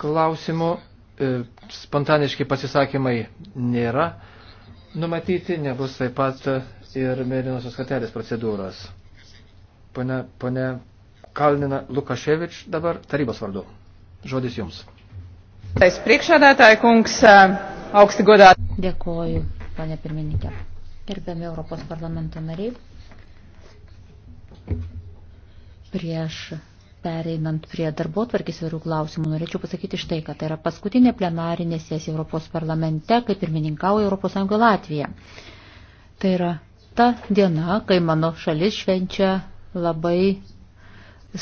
klausimų. E, spontaniški pasisakymai nėra numatyti, nebus taip pat ir mėlynosios katelės procedūros. Pone, pone Kalnina Lukaševič dabar tarybos vardu. Žodis jums. E, Dėkoju, pane pirmininkė. Gerbiami Europos parlamento nariai. Prieš Pereinant prie darbo tvarkės vyrų klausimų, norėčiau pasakyti štai, kad tai yra paskutinė plenarinė sesija Europos parlamente, kai pirmininkauja ES Latvija. Tai yra ta diena, kai mano šalis švenčia labai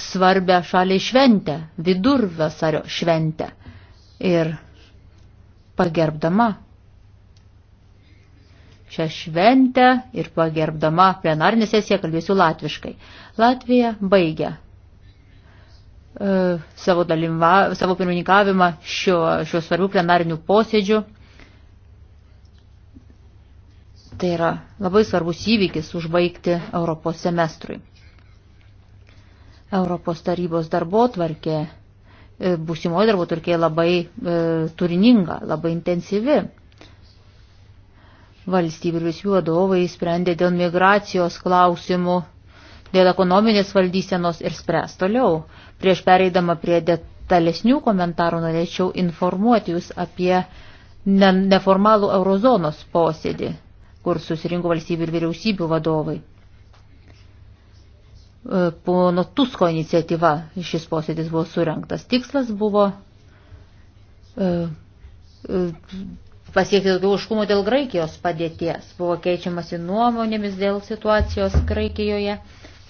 svarbę šaliai šventę, vidurvasario šventę. Ir pagerbdama šią šventę ir pagerbdama plenarinę sesiją kalbėsiu latviškai. Latvija baigia E, savo, dalyva, savo pirmininkavimą šio, šio svarbių plenarinių posėdžių. Tai yra labai svarbus įvykis užbaigti Europos semestrui. Europos tarybos darbo tvarkė, e, būsimoji darbo tvarkė labai e, turininga, labai intensyvi. Valstybių ir visų vadovai sprendė dėl migracijos klausimų dėl ekonominės valdysenos ir spręs toliau. Prieš pereidama prie detalesnių komentarų norėčiau informuoti Jūs apie neformalų eurozonos posėdį, kur susirinko valstybių ir vyriausybių vadovai. E, pono Tusko iniciatyva šis posėdis buvo surinktas. Tikslas buvo e, e, pasiekti daugiau užkumo dėl Graikijos padėties. Buvo keičiamasi nuomonėmis dėl situacijos Graikijoje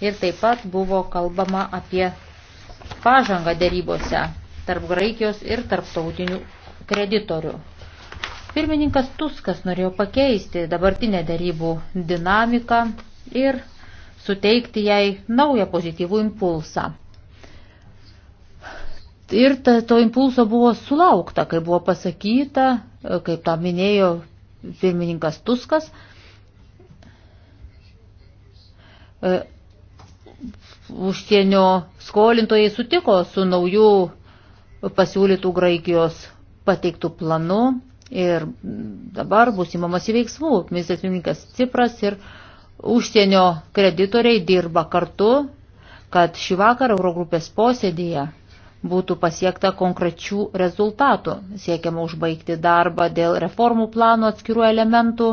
ir taip pat buvo kalbama apie pažangą dėrybose tarp Graikijos ir tarptautinių kreditorių. Pirmininkas Tuskas norėjo pakeisti dabartinę dėrybų dinamiką ir suteikti jai naują pozityvų impulsą. Ir ta, to impulso buvo sulaukta, kaip buvo pasakyta, kaip tą minėjo pirmininkas Tuskas. E, užsienio skolintojai sutiko su naujų pasiūlytų Graikijos pateiktų planu ir dabar bus įmamas į veiksmų. Ministras pirmininkas Cipras ir užsienio kreditoriai dirba kartu, kad šį vakarą Eurogrupės posėdėje būtų pasiekta konkrečių rezultatų. Siekiama užbaigti darbą dėl reformų plano atskirų elementų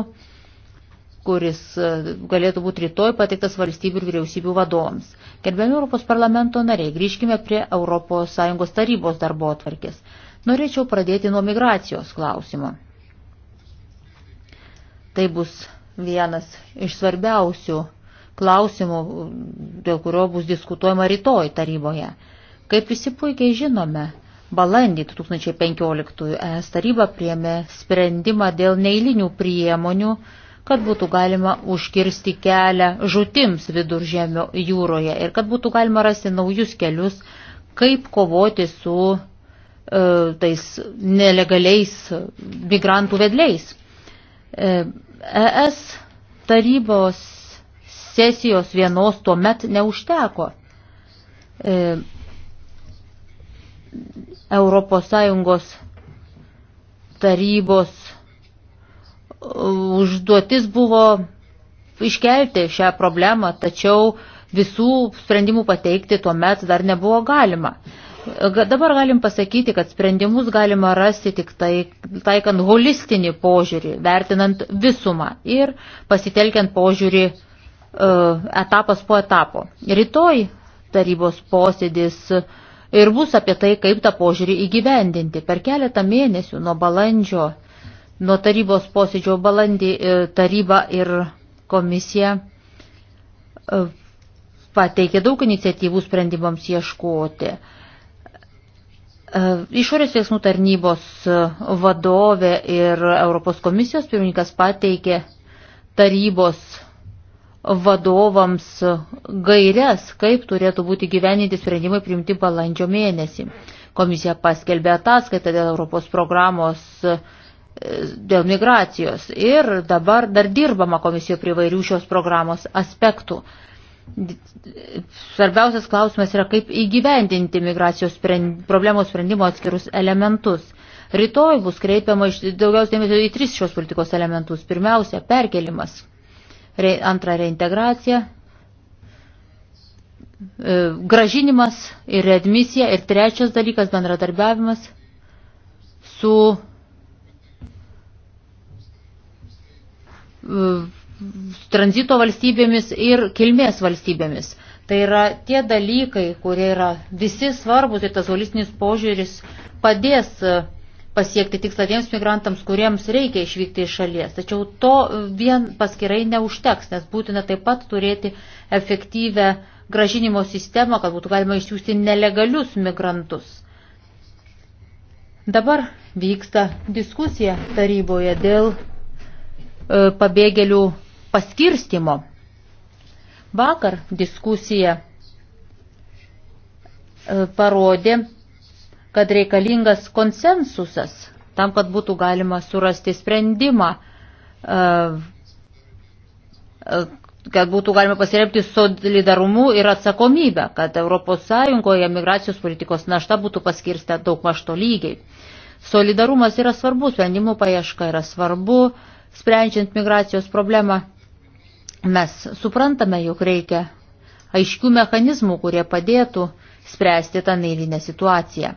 kuris e, galėtų būti rytoj pateiktas valstybių ir vyriausybių vadovams. Gerbiami Europos parlamento nariai, grįžkime prie ES tarybos darbo atvarkės. Norėčiau pradėti nuo migracijos klausimo. Tai bus vienas iš svarbiausių klausimų, dėl kurio bus diskutuojama rytoj taryboje. Kaip visi puikiai žinome, Balandį 2015 ES taryba priėmė sprendimą dėl neįlinių priemonių kad būtų galima užkirsti kelią žutims viduržėmio jūroje ir kad būtų galima rasti naujus kelius, kaip kovoti su e, tais nelegaliais migrantų vedliais. E, ES tarybos sesijos vienos tuo met neužteko. E, Europos Sąjungos tarybos užduotis buvo iškelti šią problemą, tačiau visų sprendimų pateikti tuo met dar nebuvo galima. Dabar galim pasakyti, kad sprendimus galima rasti tik tai, taikant holistinį požiūrį, vertinant visumą ir pasitelkiant požiūrį e, etapas po etapo. Rytoj tarybos posėdis e, ir bus apie tai, kaip tą požiūrį įgyvendinti. Per keletą mėnesių nuo balandžio Nuo tarybos posėdžio balandį e, taryba ir komisija e, pateikė daug iniciatyvų sprendimams ieškoti. E, išorės veiksmų tarnybos vadovė ir Europos komisijos pirmininkas pateikė tarybos vadovams gairias, kaip turėtų būti gyveninti sprendimai priimti balandžio mėnesį. Komisija paskelbė ataskaitą dėl Europos programos dėl migracijos. Ir dabar dar dirbama komisijoje prie vairių šios programos aspektų. Svarbiausias klausimas yra, kaip įgyvendinti migracijos sprend, problemos sprendimo atskirus elementus. Rytoj bus kreipiama daugiausiai dėmesio į tris šios politikos elementus. Pirmiausia, perkelimas. Re, antra, reintegracija. E, gražinimas ir readmisija. Ir trečias dalykas, bendradarbiavimas su E, tranzito valstybėmis ir kilmės valstybėmis. Tai yra tie dalykai, kurie yra visi svarbus ir tas holistinis požiūris padės e, pasiekti tikslą tiems migrantams, kuriems reikia išvykti iš šalies. Tačiau to vien paskirai neužteks, nes būtina taip pat turėti efektyvę gražinimo sistemą, kad būtų galima išsiųsti nelegalius migrantus. Dabar vyksta diskusija taryboje dėl E, pabėgėlių paskirstimo. Vakar diskusija e, parodė, kad reikalingas konsensusas tam, kad būtų galima surasti sprendimą, e, kad būtų galima pasiremti solidarumu ir atsakomybę, kad ES migracijos politikos našta būtų paskirsta daug mašto lygiai. Solidarumas yra svarbus, sprendimų paieška yra svarbu, sprendžiant migracijos problemą. Mes suprantame, jog reikia aiškių mechanizmų, kurie padėtų spręsti tą neįlinę situaciją.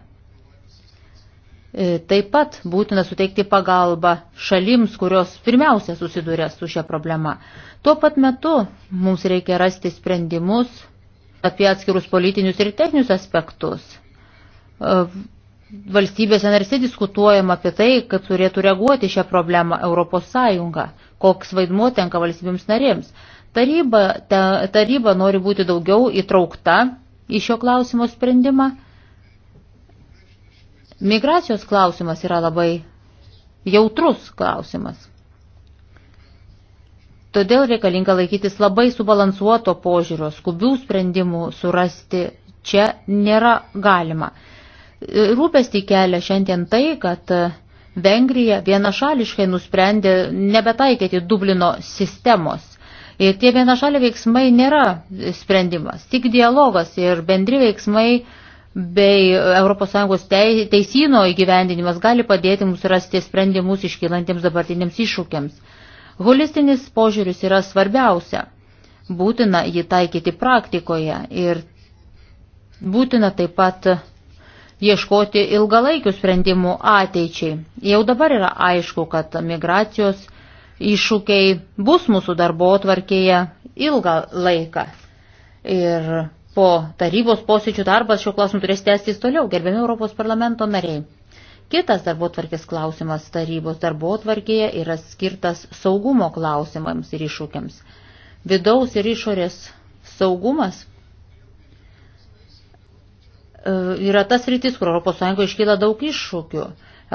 E, taip pat būtina suteikti pagalbą šalims, kurios pirmiausia susiduria su šia problema. Tuo pat metu mums reikia rasti sprendimus apie atskirus politinius ir techninius aspektus e, valstybėse narse diskutuojama apie tai, kaip turėtų reaguoti šią problemą Europos Sąjunga, koks vaidmuo tenka valstybėms narėms. Taryba, ta, taryba nori būti daugiau įtraukta į šio klausimo sprendimą. Migracijos klausimas yra labai jautrus klausimas. Todėl reikalinga laikytis labai subalansuoto požiūrio, skubių sprendimų surasti čia nėra galima. Rūpestį kelia šiandien tai, kad Vengrija vienašališkai nusprendė nebetaikyti Dublino sistemos. Ir tie vienašaliai veiksmai nėra sprendimas, tik dialogas ir bendri veiksmai bei ES teisino įgyvendinimas gali padėti mums rasti sprendimus iškylantiems dabartiniams iššūkiams. Holistinis požiūris yra svarbiausia. Būtina jį taikyti praktikoje ir būtina taip pat ieškoti ilgalaikių sprendimų ateičiai. Jau dabar yra aišku, kad migracijos iššūkiai bus mūsų darbo atvarkėje ilgą laiką. Ir po tarybos posėdžių darbas šiuo klausimu turės tęstis toliau, gerbiami Europos parlamento nariai. Kitas darbo atvarkės klausimas tarybos darbo atvarkėje yra skirtas saugumo klausimams ir iššūkiams. Vidaus ir išorės saugumas E, yra tas rytis, kur ES iškyla daug iššūkių.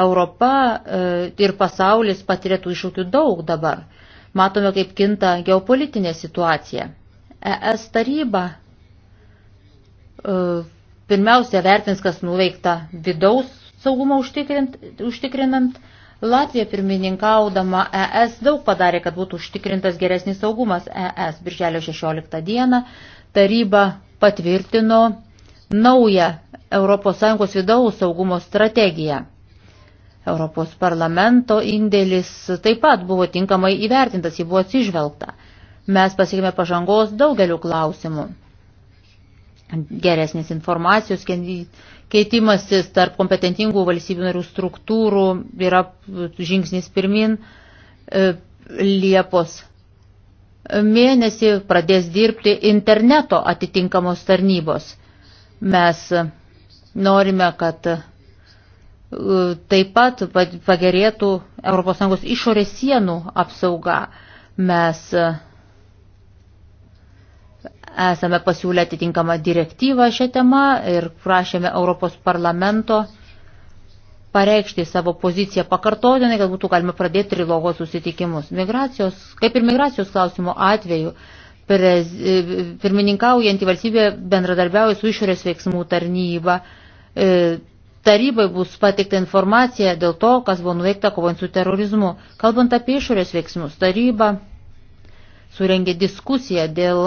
Europa e, ir pasaulis patiria tų iššūkių daug dabar. Matome, kaip kinta geopolitinė situacija. ES taryba e, pirmiausia vertins, kas nuveikta vidaus saugumą užtikrinant. Latvija pirmininkaudama ES daug padarė, kad būtų užtikrintas geresnis saugumas ES. Birželio 16 dieną taryba patvirtino naują ES vidaus saugumo strategiją. Europos parlamento indėlis taip pat buvo tinkamai įvertintas, jį buvo atsižvelgta. Mes pasiekime pažangos daugeliu klausimų. Geresnės informacijos keitimasis tarp kompetentingų valstybių narių struktūrų yra žingsnis pirmin. E, Liepos mėnesį pradės dirbti interneto atitinkamos tarnybos Mes norime, kad uh, taip pat pagerėtų ES išorės sienų apsauga. Mes uh, esame pasiūlę atitinkamą direktyvą šią temą ir prašėme Europos parlamento pareikšti savo poziciją pakartotinai, kad būtų galima pradėti trilogo susitikimus. Migracijos, kaip ir migracijos klausimo atveju, prez, pirmininkaujantį valstybę bendradarbiauja su išorės veiksmų tarnyba. E, tarybai bus pateikta informacija dėl to, kas buvo nuveikta kovant su terorizmu. Kalbant apie išorės veiksmus, taryba surengė diskusiją dėl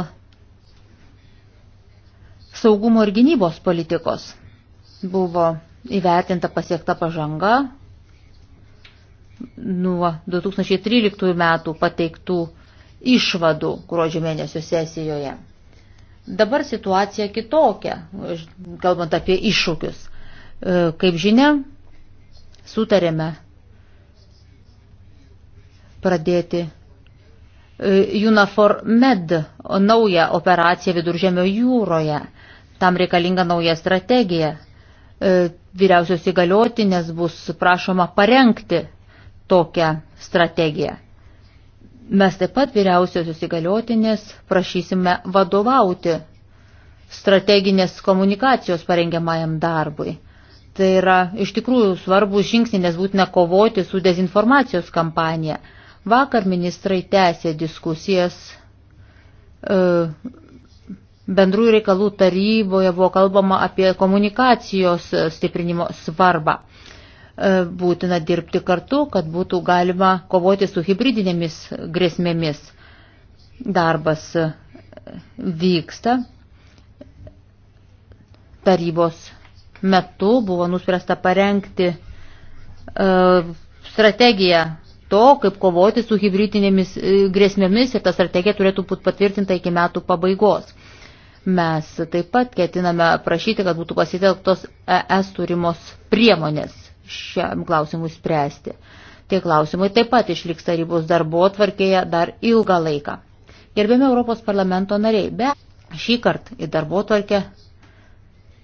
saugumo ir gynybos politikos. Buvo įvertinta pasiekta pažanga nuo 2013 metų pateiktų išvadų gruodžio mėnesio sesijoje. Dabar situacija kitokia, kalbant apie iššūkius. E, kaip žinia, sutarėme pradėti e, UNAFOR MED naują operaciją viduržėmio jūroje. Tam reikalinga nauja strategija. E, vyriausios įgaliotinės bus prašoma parengti tokią strategiją. Mes taip pat vyriausiosios įgaliotinės prašysime vadovauti strateginės komunikacijos parengiamajam darbui. Tai yra iš tikrųjų svarbus žingsnis, nes būtina kovoti su dezinformacijos kampanija. Vakar ministrai tęsė diskusijas. E, bendrųjų reikalų taryboje buvo kalbama apie komunikacijos stiprinimo svarbą. E, būtina dirbti kartu, kad būtų galima kovoti su hybridinėmis grėsmėmis. Darbas e, vyksta. Tarybos metu buvo nuspręsta parengti e, strategiją to, kaip kovoti su hybridinėmis grėsmėmis ir ta strategija turėtų būti patvirtinta iki metų pabaigos. Mes taip pat ketiname prašyti, kad būtų pasitelktos ES turimos priemonės šiam klausimui spręsti. Tie klausimai taip pat išliks tarybos darbo atvarkėje dar ilgą laiką. Gerbėme Europos parlamento nariai, be šį kartą į darbo atvarkę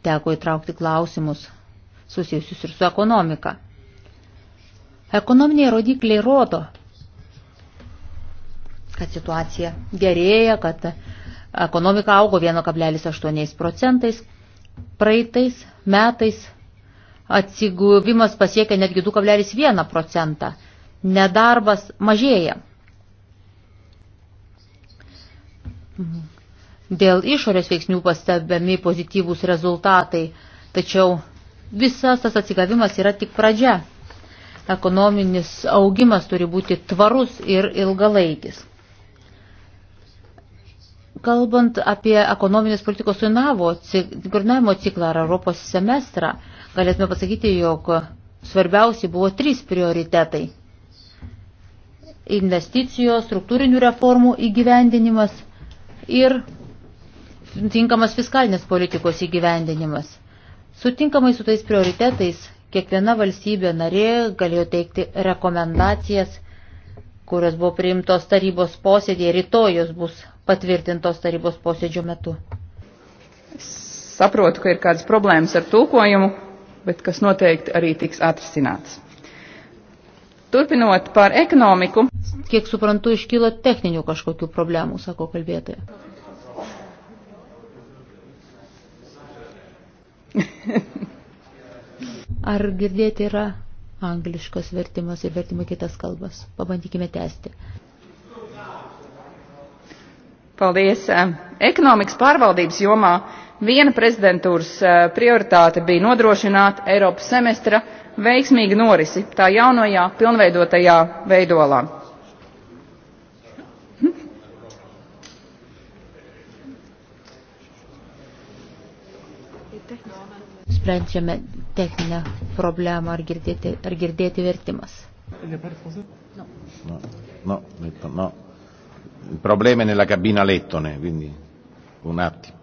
teko įtraukti klausimus susijusius ir su ekonomika. Ekonominiai rodikliai rodo, kad situacija gerėja, kad ekonomika augo 1,8 procentais, praeitais metais atsiguvimas pasiekia netgi 2,1 procentą. Nedarbas mažėja. Dėl išorės veiksnių pastebiami pozityvūs rezultatai, tačiau visas tas atsigavimas yra tik pradžia. Ekonominis augimas turi būti tvarus ir ilgalaikis. Kalbant apie ekonominės politikos koordinavimo ciklą ar Europos semestrą, galėtume pasakyti, jog svarbiausi buvo trys prioritetai - investicijos, struktūrinių reformų įgyvendinimas ir tinkamas fiskalinės politikos įgyvendinimas. Sutinkamai su tais prioritetais kiekviena valstybė narė galėjo teikti rekomendacijas, kurios buvo priimtos tarybos posėdėje, rytoj jos bus patvirtintos tarybos posėdžio metu. Saprotu, ka ir kādas problēmas ar tulkojumu, bet kas noteikti arī tiks atrisināts. Turpinot par ekonomiku. Kiek suprantu, iškyla techninių kažkokių problemų, sako kalbėtoja. Ar girdėti yra angliškas vertimas ir vertimo kitas kalbas? Pabandykime tęsti. Paldies. Ekonomikas pārvaldības jomā viena prezidentūras e, prioritāte bija nodrošināt Eiropas semestra veiksmīgu norisi tā jaunajā pilnveidotajā veidolā. Sprendžiame techninę problemą, ar girdėti, ar girdėti vertimas. No. No, no, no. Il problema è nella cabina lettone, quindi un attimo.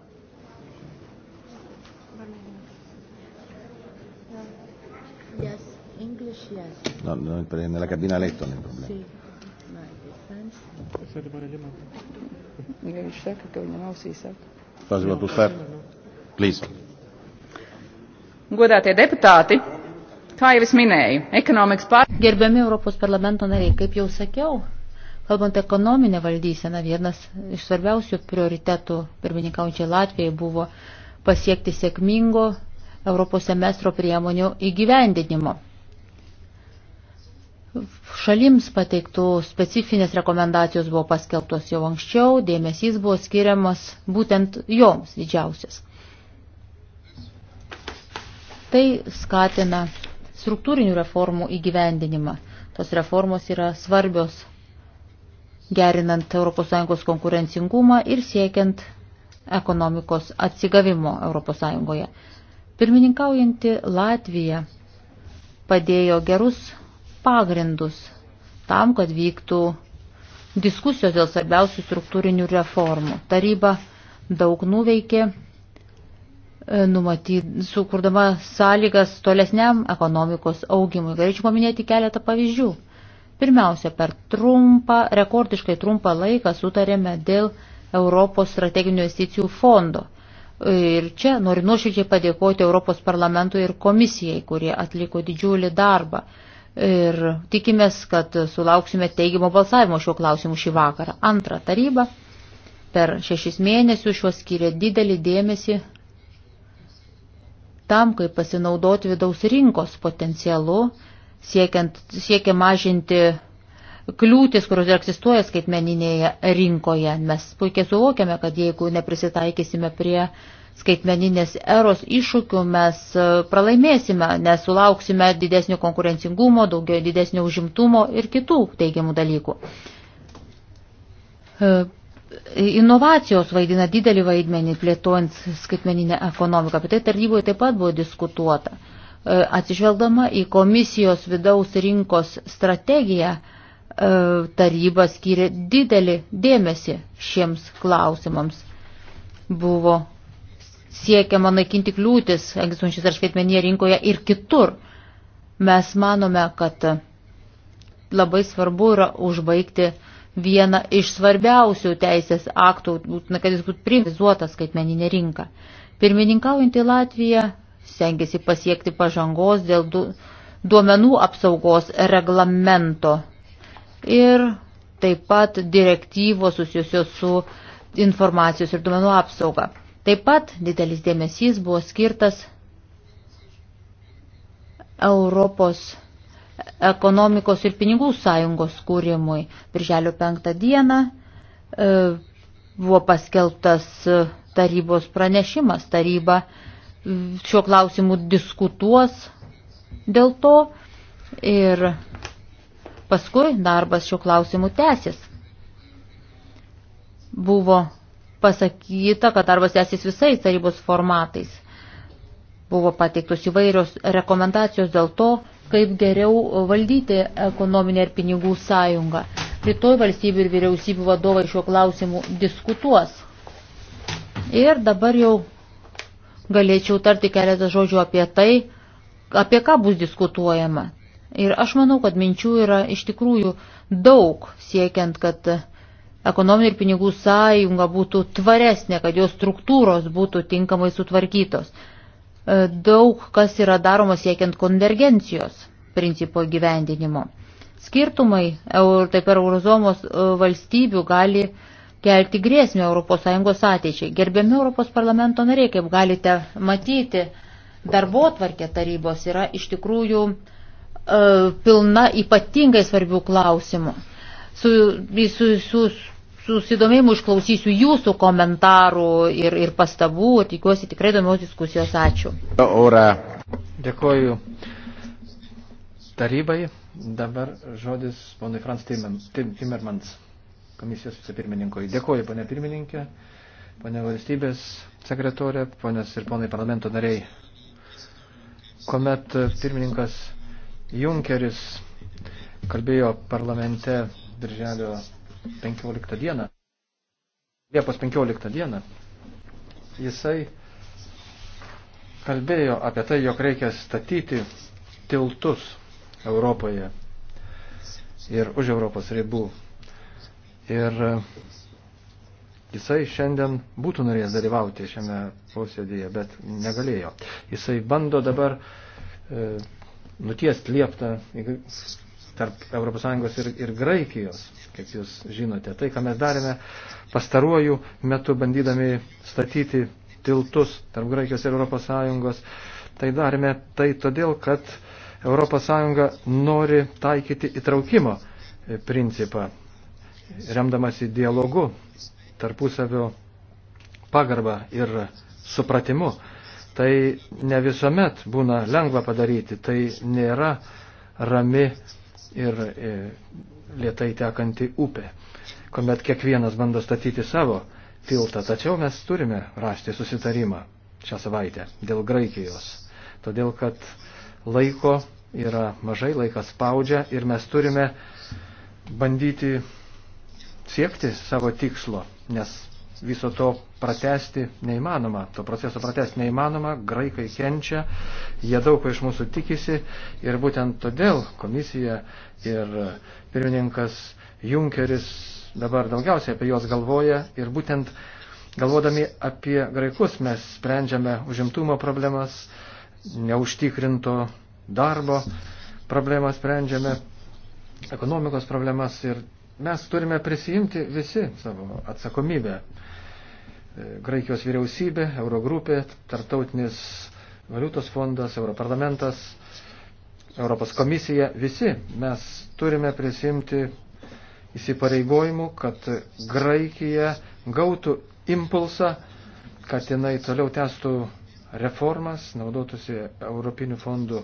Yes, English, yes. No, no, nella cabina letto nel problema. Sì. Godātie deputāti, kā jau es minēju, ekonomikas pār... Gerbiami Europos parlamento nariai, kaip jau sakiau, kalbant ekonominę valdyseną, vienas iš svarbiausių prioritetų pirmininkaujančiai Latvijai buvo pasiekti sėkmingo Europos semestro priemonių įgyvendinimo. Šalims pateiktų specifinės rekomendacijos buvo paskelbtos jau anksčiau, dėmesys buvo skiriamas būtent joms didžiausias. Tai skatina struktūrinių reformų įgyvendinimą. Tos reformos yra svarbios gerinant ES konkurencingumą ir siekiant ekonomikos atsigavimo ES. Pirmininkaujanti Latvija padėjo gerus pagrindus tam, kad vyktų diskusijos dėl svarbiausių struktūrinių reformų. Taryba daug nuveikė, e, numatyt, sukurdama sąlygas tolesniam ekonomikos augimui. Galėčiau paminėti keletą pavyzdžių. Pirmiausia, per trumpą, rekordiškai trumpą laiką sutarėme dėl Europos strateginių investicijų fondo. Ir čia noriu nuoširdžiai padėkoti Europos parlamentui ir komisijai, kurie atliko didžiulį darbą. Ir tikimės, kad sulauksime teigiamo balsavimo šiuo klausimu šį vakarą. Antra taryba per šešis mėnesius šiuos skiria didelį dėmesį tam, kaip pasinaudoti vidaus rinkos potencialu, siekiant, siekia mažinti kliūtis, kurios ir egzistuoja skaitmeninėje rinkoje. Mes puikiai suvokiame, kad jeigu neprisitaikysime prie skaitmeninės eros iššūkių, mes e, pralaimėsime, nes sulauksime didesnio konkurencingumo, daugiau didesnio užimtumo ir kitų teigiamų dalykų. E, inovacijos vaidina didelį vaidmenį plėtojant skaitmeninę ekonomiką, apie tai tarnyboje taip pat buvo diskutuota. E, atsižvelgdama į komisijos vidaus rinkos strategiją, E, taryba skyrė didelį dėmesį šiems klausimams. Buvo siekiama naikinti kliūtis egzistuojančias ar skaitmenyje rinkoje ir kitur. Mes manome, kad labai svarbu yra užbaigti vieną iš svarbiausių teisės aktų, būtina, kad jis būtų privatizuotas skaitmeninė rinka. Pirmininkaujantį Latviją stengiasi pasiekti pažangos dėl du, duomenų apsaugos reglamento ir taip pat direktyvos susijusios su informacijos ir duomenų apsauga. Taip pat didelis dėmesys buvo skirtas Europos ekonomikos ir pinigų sąjungos kūrimui. Birželio penktą dieną e, buvo paskelbtas tarybos pranešimas. Taryba šiuo klausimu diskutuos dėl to ir Paskui darbas šiuo klausimu tęsis. Buvo pasakyta, kad darbas tęsis visais tarybos formatais. Buvo pateiktos įvairios rekomendacijos dėl to, kaip geriau valdyti ekonominę ir pinigų sąjungą. Rytoj valstybių ir vyriausybių vadovai šiuo klausimu diskutuos. Ir dabar jau galėčiau tarti keletą žodžių apie tai, apie ką bus diskutuojama. Ir aš manau, kad minčių yra iš tikrųjų daug siekiant, kad ekonominė ir pinigų sąjunga būtų tvaresnė, kad jos struktūros būtų tinkamai sutvarkytos. E, daug kas yra daroma siekiant konvergencijos principo gyvendinimo. Skirtumai eur, taip ir eurozomos e, valstybių gali kelti grėsmę ES ateičiai. Gerbiami Europos parlamento nariai, kaip galite matyti, darbo tvarkė tarybos yra iš tikrųjų E, pilna ypatingai svarbių klausimų. Su, su, su, susidomėjimu išklausysiu jūsų komentarų ir, ir pastabų, tikiuosi tikrai įdomios diskusijos. Ačiū. Ora. Dėkoju tarybai. Dabar žodis ponui Frans Timmermans, komisijos vicepirmininkui. Dėkoju, ponė pirmininkė, ponė valstybės sekretorė, ponės ir ponai parlamento nariai. Komet pirmininkas Junkeris kalbėjo parlamente birželio 15 dieną. Liepos 15 dieną. Jisai kalbėjo apie tai, jog reikia statyti tiltus Europoje ir už Europos ribų. Ir e, jisai šiandien būtų norėjęs dalyvauti šiame posėdėje, bet negalėjo. Jisai bando dabar e, nutiesti lieptą tarp ES ir, ir Graikijos, kaip jūs žinote. Tai, ką mes darėme pastaruoju metu, bandydami statyti tiltus tarp Graikijos ir ES, tai darėme tai todėl, kad ES nori taikyti įtraukimo principą, remdamasi dialogu, tarpusavio pagarbą ir supratimu. Tai ne visuomet būna lengva padaryti, tai nėra rami ir e, lietai tekanti upė, kuomet kiekvienas bando statyti savo tiltą. Tačiau mes turime rasti susitarimą šią savaitę dėl Graikijos. Todėl, kad laiko yra mažai, laikas spaudžia ir mes turime bandyti siekti savo tikslo, nes viso to pratesti neįmanoma, to proceso pratesti neįmanoma, graikai kenčia, jie daug ko iš mūsų tikisi ir būtent todėl komisija ir pirmininkas Junkeris dabar daugiausiai apie juos galvoja ir būtent galvodami apie graikus mes sprendžiame užimtumo problemas, neužtikrinto darbo problemas sprendžiame, ekonomikos problemas ir mes turime prisijimti visi savo atsakomybę. E, Graikijos vyriausybė, Eurogrupė, Tartautinis valiutos fondas, Europarlamentas, Europos komisija, visi mes turime prisimti įsipareigojimų, kad Graikija gautų impulsą, kad jinai toliau testų reformas, naudotųsi Europinių fondų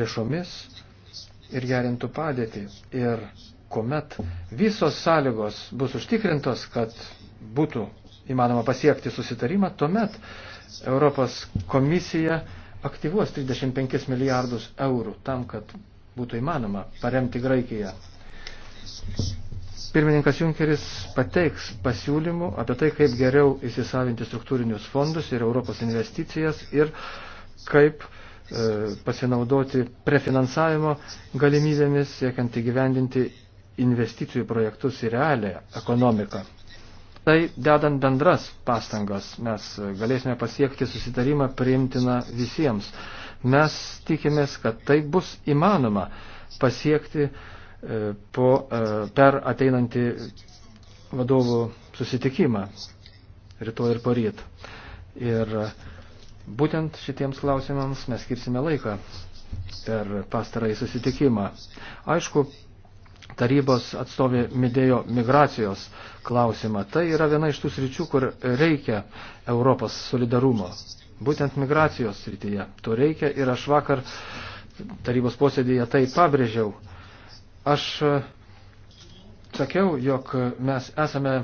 lėšomis ir gerintų padėtį. Ir kuomet visos sąlygos bus užtikrintos, kad būtų įmanoma pasiekti susitarimą, tuomet Europos komisija aktyvuos 35 milijardus eurų tam, kad būtų įmanoma paremti Graikiją. Pirmininkas Junkeris pateiks pasiūlymų apie tai, kaip geriau įsisavinti struktūrinius fondus ir Europos investicijas ir kaip e, pasinaudoti prefinansavimo galimybėmis, siekiant įgyvendinti investicijų projektus į realią ekonomiką. Tai dedant bendras pastangas mes galėsime pasiekti susitarimą priimtiną visiems. Mes tikimės, kad tai bus įmanoma pasiekti e, po, e, per ateinantį vadovų susitikimą rytoj ir poryt. Ir būtent šitiems klausimams mes skirsime laiką per pastarąjį susitikimą. Aišku, tarybos atstovė midėjo migracijos klausimą. Tai yra viena iš tų sričių, kur reikia Europos solidarumo. Būtent migracijos srityje to reikia ir aš vakar tarybos posėdėje tai pabrėžiau. Aš e, sakiau, jog mes esame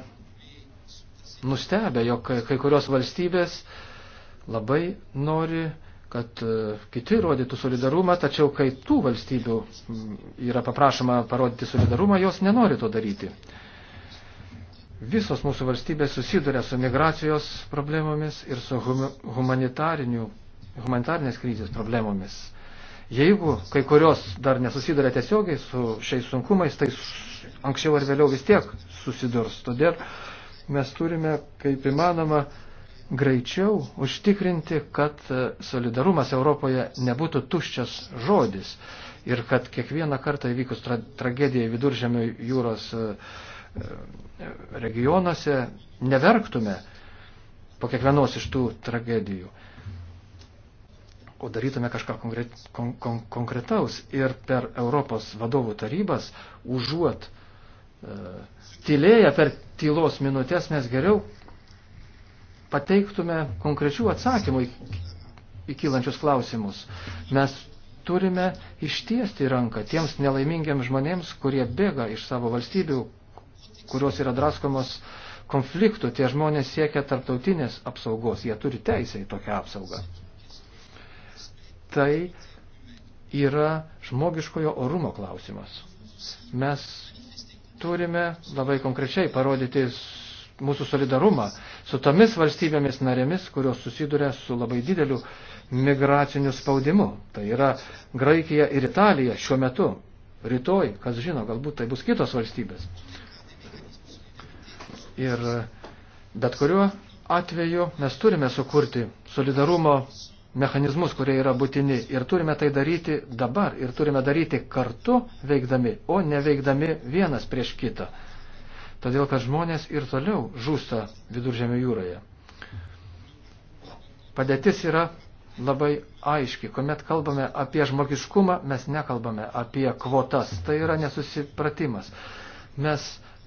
nustebę, jog kai kurios valstybės labai nori kad e, kiti rodytų solidarumą, tačiau kai tų valstybių mm, yra paprašoma parodyti solidarumą, jos nenori to daryti. Visos mūsų valstybės susiduria su migracijos problemomis ir su humanitarinės krizės problemomis. Jeigu kai kurios dar nesusiduria tiesiogiai su šiais sunkumais, tai anksčiau ar vėliau vis tiek susidurs. Todėl mes turime kaip įmanoma greičiau užtikrinti, kad e, solidarumas Europoje nebūtų tuščias žodis ir kad kiekvieną kartą įvykus tra tragedijai viduržėmio jūros e, e, regionuose neverktume po kiekvienos iš tų tragedijų, o darytume kažką konkret, kon, kon, konkretaus ir per Europos vadovų tarybas užuot e, tylėję per tylos minutės mes geriau pateiktume konkrečių atsakymų įkylančius klausimus. Mes turime ištiesti ranką tiems nelaimingiams žmonėms, kurie bėga iš savo valstybių, kurios yra draskomos konfliktų. Tie žmonės siekia tarptautinės apsaugos, jie turi teisę į tokią apsaugą. Tai yra žmogiškojo orumo klausimas. Mes turime labai konkrečiai parodyti mūsų solidarumą su tomis valstybėmis narėmis, kurios susiduria su labai dideliu migraciniu spaudimu. Tai yra Graikija ir Italija šiuo metu. Rytoj, kas žino, galbūt tai bus kitos valstybės. Ir bet kuriuo atveju mes turime sukurti solidarumo mechanizmus, kurie yra būtini. Ir turime tai daryti dabar. Ir turime daryti kartu veikdami, o ne veikdami vienas prieš kitą todėl kad žmonės ir toliau žūsta viduržėmio jūroje. Padėtis yra labai aiški. Komet kalbame apie žmogiškumą, mes nekalbame apie kvotas. Tai yra nesusipratimas. Mes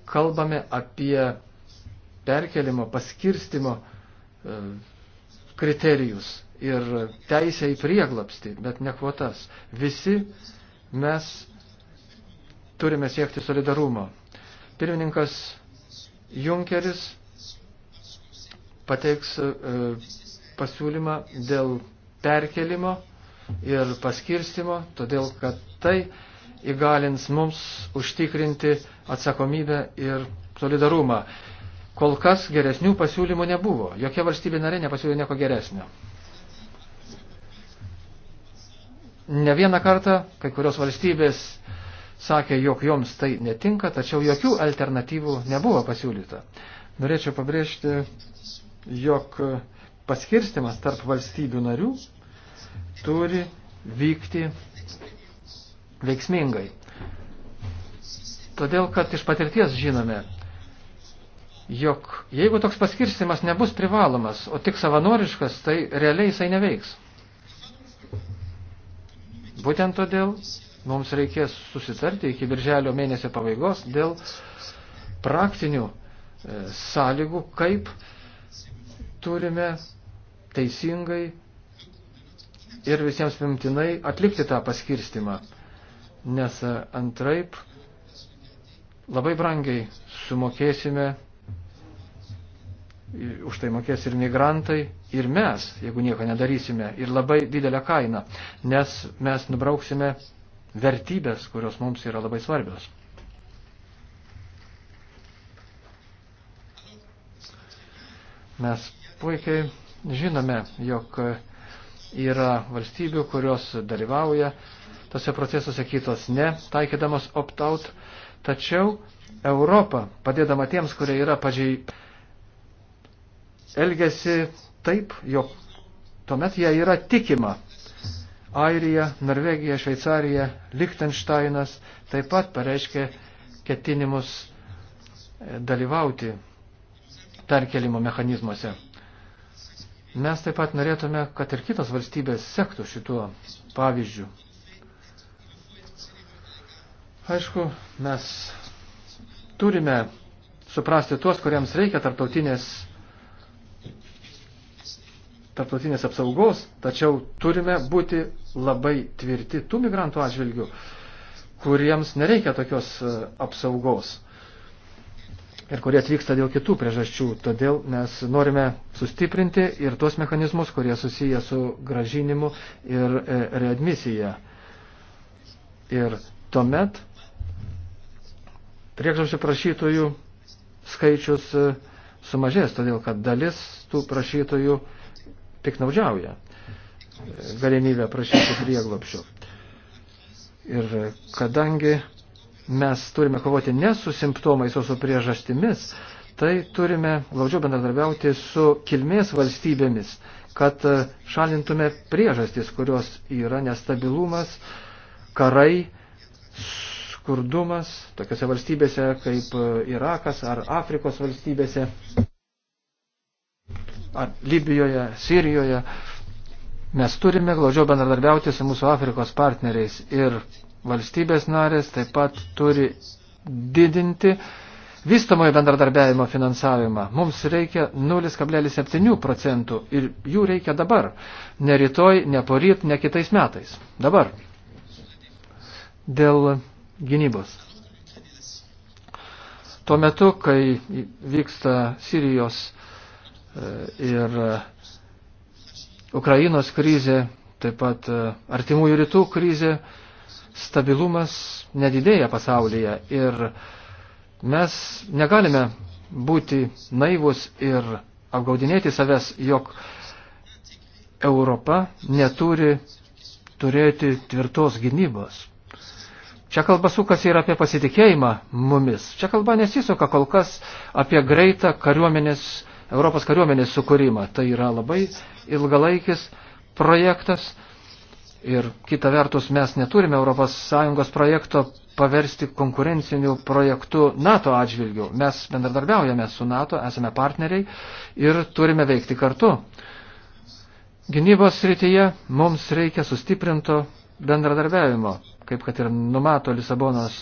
kalbame apie perkelimo, paskirstimo e, kriterijus ir teisę į prieglapsti, bet ne kvotas. Visi mes turime siekti solidarumo. Pirmininkas Junkeris pateiks e, pasiūlymą dėl perkelimo ir paskirstimo, todėl kad tai įgalins mums užtikrinti atsakomybę ir solidarumą. Kol kas geresnių pasiūlymų nebuvo. Jokia valstybė narė nepasiūlė nieko geresnio. Ne vieną kartą kai kurios valstybės sakė, jog joms tai netinka, tačiau jokių alternatyvų nebuvo pasiūlyta. Norėčiau pabrėžti, jog paskirstimas tarp valstybių narių turi vykti veiksmingai. Todėl, kad iš patirties žinome, jog jeigu toks paskirstimas nebus privalomas, o tik savanoriškas, tai realiai jisai neveiks. Būtent todėl Mums reikės susitarti iki birželio mėnesio pabaigos dėl praktinių e, sąlygų, kaip turime teisingai ir visiems primtinai atlikti tą paskirstimą, nes e, antraip labai brangiai sumokėsime, už tai mokės ir migrantai, ir mes, jeigu nieko nedarysime, ir labai didelę kainą, nes mes nubrauksime vertybės, kurios mums yra labai svarbios. Mes puikiai žinome, jog yra valstybių, kurios dalyvauja tose procesuose, kitos ne, taikydamos opt-out. Tačiau Europa, padėdama tiems, kurie yra pažiai, elgesi taip, jog tuomet jie yra tikima Airija, Norvegija, Šveicarija, Lichtensteinas taip pat pareiškė ketinimus e, dalyvauti perkelimo mechanizmuose. Mes taip pat norėtume, kad ir kitos valstybės sektų šituo pavyzdžiu. Aišku, mes turime suprasti tuos, kuriems reikia tarptautinės tarptautinės apsaugos, tačiau turime būti labai tvirti tų migrantų atžvilgių, kuriems nereikia tokios e, apsaugos ir kurie atvyksta dėl kitų priežasčių. Todėl mes norime sustiprinti ir tuos mechanizmus, kurie susiję su gražinimu ir e, readmisija. Ir tuomet prieglobsčio prašytojų skaičius e, sumažės, todėl kad dalis tų prašytojų uh, piknaudžiauja galimybę prašyti prieglopščių. Ir kadangi mes turime kovoti ne su simptomais, o su priežastimis, tai turime glaudžiau bendradarbiauti su kilmės valstybėmis, kad šalintume priežastis, kurios yra nestabilumas, karai, skurdumas tokiose valstybėse kaip Irakas ar Afrikos valstybėse ar Libijoje, Sirijoje. Mes turime glaudžiau bendradarbiauti su mūsų Afrikos partneriais ir valstybės narės taip pat turi didinti vystamojo bendradarbiavimo finansavimą. Mums reikia 0,7 procentų ir jų reikia dabar, ne rytoj, ne poryt, ne kitais metais. Dabar. Dėl gynybos. Tuo metu, kai vyksta Sirijos ir e, Ukrainos krizė, taip pat e, artimųjų rytų krizė, stabilumas nedidėja pasaulyje ir mes negalime būti naivus ir apgaudinėti savęs, jog Europa neturi turėti tvirtos gynybos. Čia kalba sukasi ir apie pasitikėjimą mumis. Čia kalba nesisuka kol kas apie greitą kariuomenės Europos kariuomenės sukūrimą. Tai yra labai ilgalaikis projektas ir kita vertus mes neturime ES projekto paversti konkurenciniu projektu NATO atžvilgiu. Mes bendradarbiaujame su NATO, esame partneriai ir turime veikti kartu. Gynybos srityje mums reikia sustiprinto bendradarbiavimo, kaip kad ir numato Lisabonos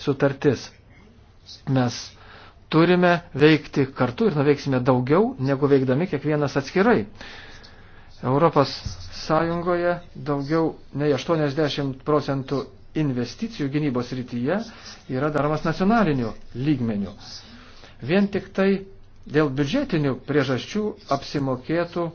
sutartis. Mes turime veikti kartu ir nuveiksime daugiau, negu veikdami kiekvienas atskirai. Europos Sąjungoje daugiau nei 80 procentų investicijų gynybos rytyje yra daromas nacionaliniu lygmeniu. Vien tik tai dėl biudžetinių priežasčių apsimokėtų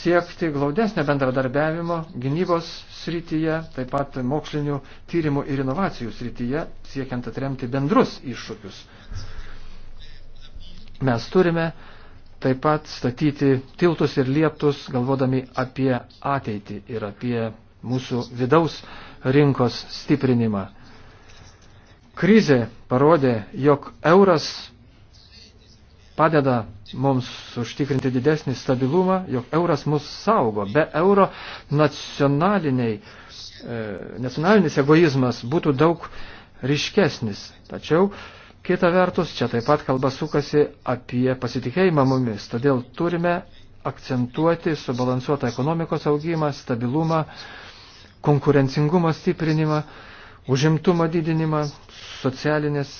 siekti glaudesnio bendradarbiavimo gynybos srityje, taip pat mokslinių tyrimų ir inovacijų srityje, siekiant atremti bendrus iššūkius. Mes turime taip pat statyti tiltus ir lieptus, galvodami apie ateitį ir apie mūsų vidaus rinkos stiprinimą. Krizė parodė, jog euras padeda mums užtikrinti didesnį stabilumą, jog euras mus saugo. Be euro nacionaliniai, e, nacionalinis egoizmas būtų daug ryškesnis. Tačiau kita vertus, čia taip pat kalba sukasi apie pasitikėjimą mumis. Todėl turime akcentuoti subalansuotą ekonomikos augimą, stabilumą, konkurencingumo stiprinimą, užimtumo didinimą, socialinės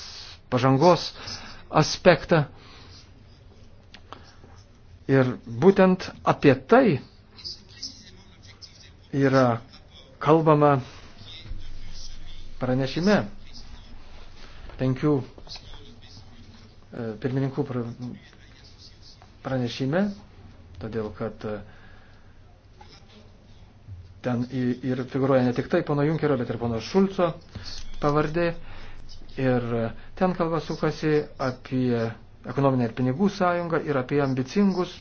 pažangos aspektą. Ir būtent apie tai yra kalbama pranešime penkių e, pirmininkų pranešime, todėl kad e, ten ir figuruoja ne tik tai pono Junkerio, bet ir pono Šulco pavardė. Ir e, ten kalba sukasi apie ekonominę ir pinigų sąjungą ir apie ambicingus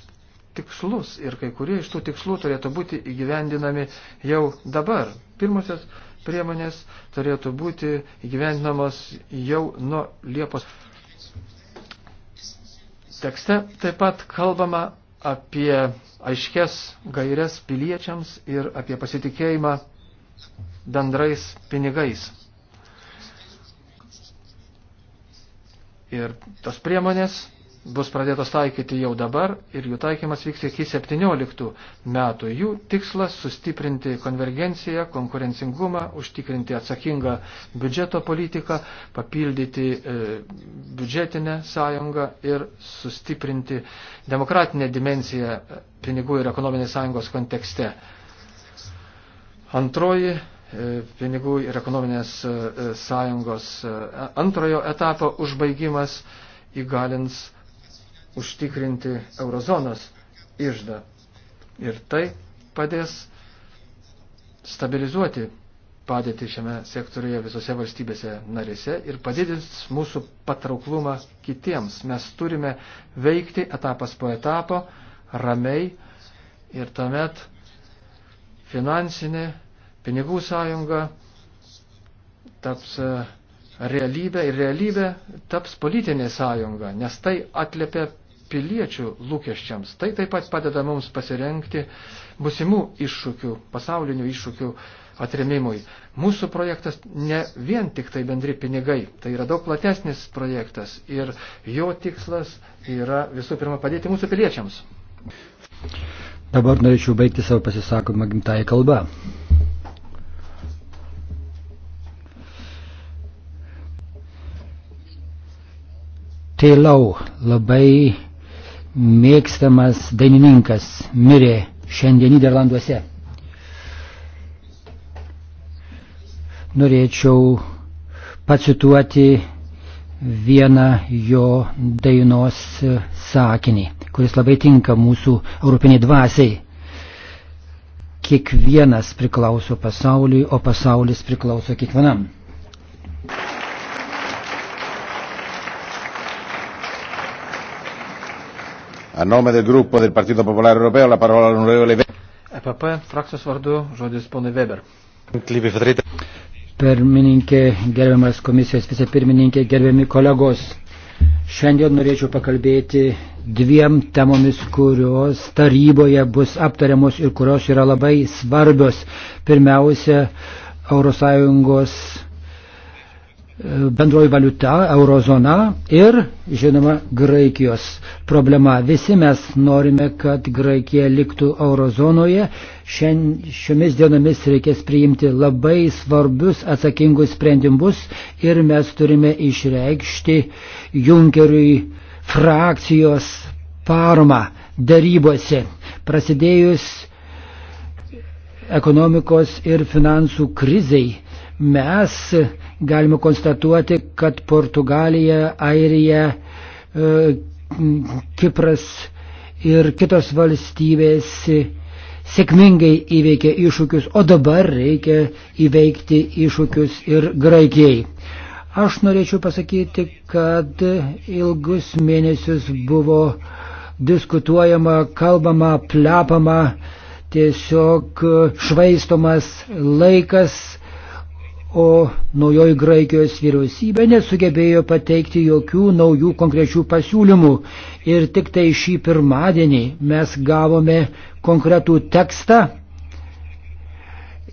tikslus. Ir kai kurie iš tų tikslų turėtų būti įgyvendinami jau dabar. Pirmosios priemonės turėtų būti įgyvendinamos jau nuo Liepos. Tekste taip pat kalbama apie aiškes gairias piliečiams ir apie pasitikėjimą bendrais pinigais. ir tos priemonės bus pradėtos taikyti jau dabar ir jų taikymas vyks iki 17 metų. Jų tikslas sustiprinti konvergenciją, konkurencingumą, užtikrinti atsakingą biudžeto politiką, papildyti e, biudžetinę sąjungą ir sustiprinti demokratinę dimenciją pinigų ir ekonominės sąjungos kontekste. Antroji E, pinigų ir ekonominės e, e, sąjungos antrojo etapo užbaigimas įgalins užtikrinti eurozonos išdą. Ir tai padės stabilizuoti padėti šiame sektoriuje visose valstybėse narėse ir padidins mūsų patrauklumą kitiems. Mes turime veikti etapas po etapo, ramiai ir tuomet finansinė pinigų sąjunga taps e, realybė ir realybė taps politinė sąjunga, nes tai atliepia piliečių lūkesčiams. Tai taip pat padeda mums pasirenkti busimų iššūkių, pasaulinių iššūkių atremimui. Mūsų projektas ne vien tik tai bendri pinigai, tai yra daug platesnis projektas ir jo tikslas yra visų pirma padėti mūsų piliečiams. Dabar norėčiau baigti savo pasisakymą gimtąją kalbą. Teilau, labai mėgstamas dainininkas, mirė šiandien Niderlanduose. Norėčiau pacituoti vieną jo dainos sakinį, kuris labai tinka mūsų europiniai dvasiai. Kiekvienas priklauso pasauliui, o pasaulis priklauso kiekvienam. A nome del gruppo del Partito Popolare Europeo la parola all'onorevole Weber. EPP frakcijos vardu žodis ponui Weber. Pirmininkė, gerbiamas komisijos vicepirmininkė, gerbiami kolegos. Šiandien norėčiau pakalbėti dviem temomis, kurios taryboje bus aptariamos ir kurios yra labai svarbios. Pirmiausia, ES bendroji valiuta, eurozona ir, žinoma, Graikijos problema. Visi mes norime, kad Graikija liktų eurozonoje. Šien, šiomis dienomis reikės priimti labai svarbius atsakingus sprendimus ir mes turime išreikšti Junkeriui frakcijos paramą darybose. Prasidėjus ekonomikos ir finansų krizei mes galime konstatuoti, kad Portugalija, Airija, e, Kipras ir kitos valstybės sėkmingai įveikė iššūkius, o dabar reikia įveikti iššūkius ir Graikijai. Aš norėčiau pasakyti, kad ilgus mėnesius buvo diskutuojama, kalbama, plepama, tiesiog švaistomas laikas, o naujoji Graikijos vyriausybė nesugebėjo pateikti jokių naujų konkrečių pasiūlymų. Ir tik tai šį pirmadienį mes gavome konkretų tekstą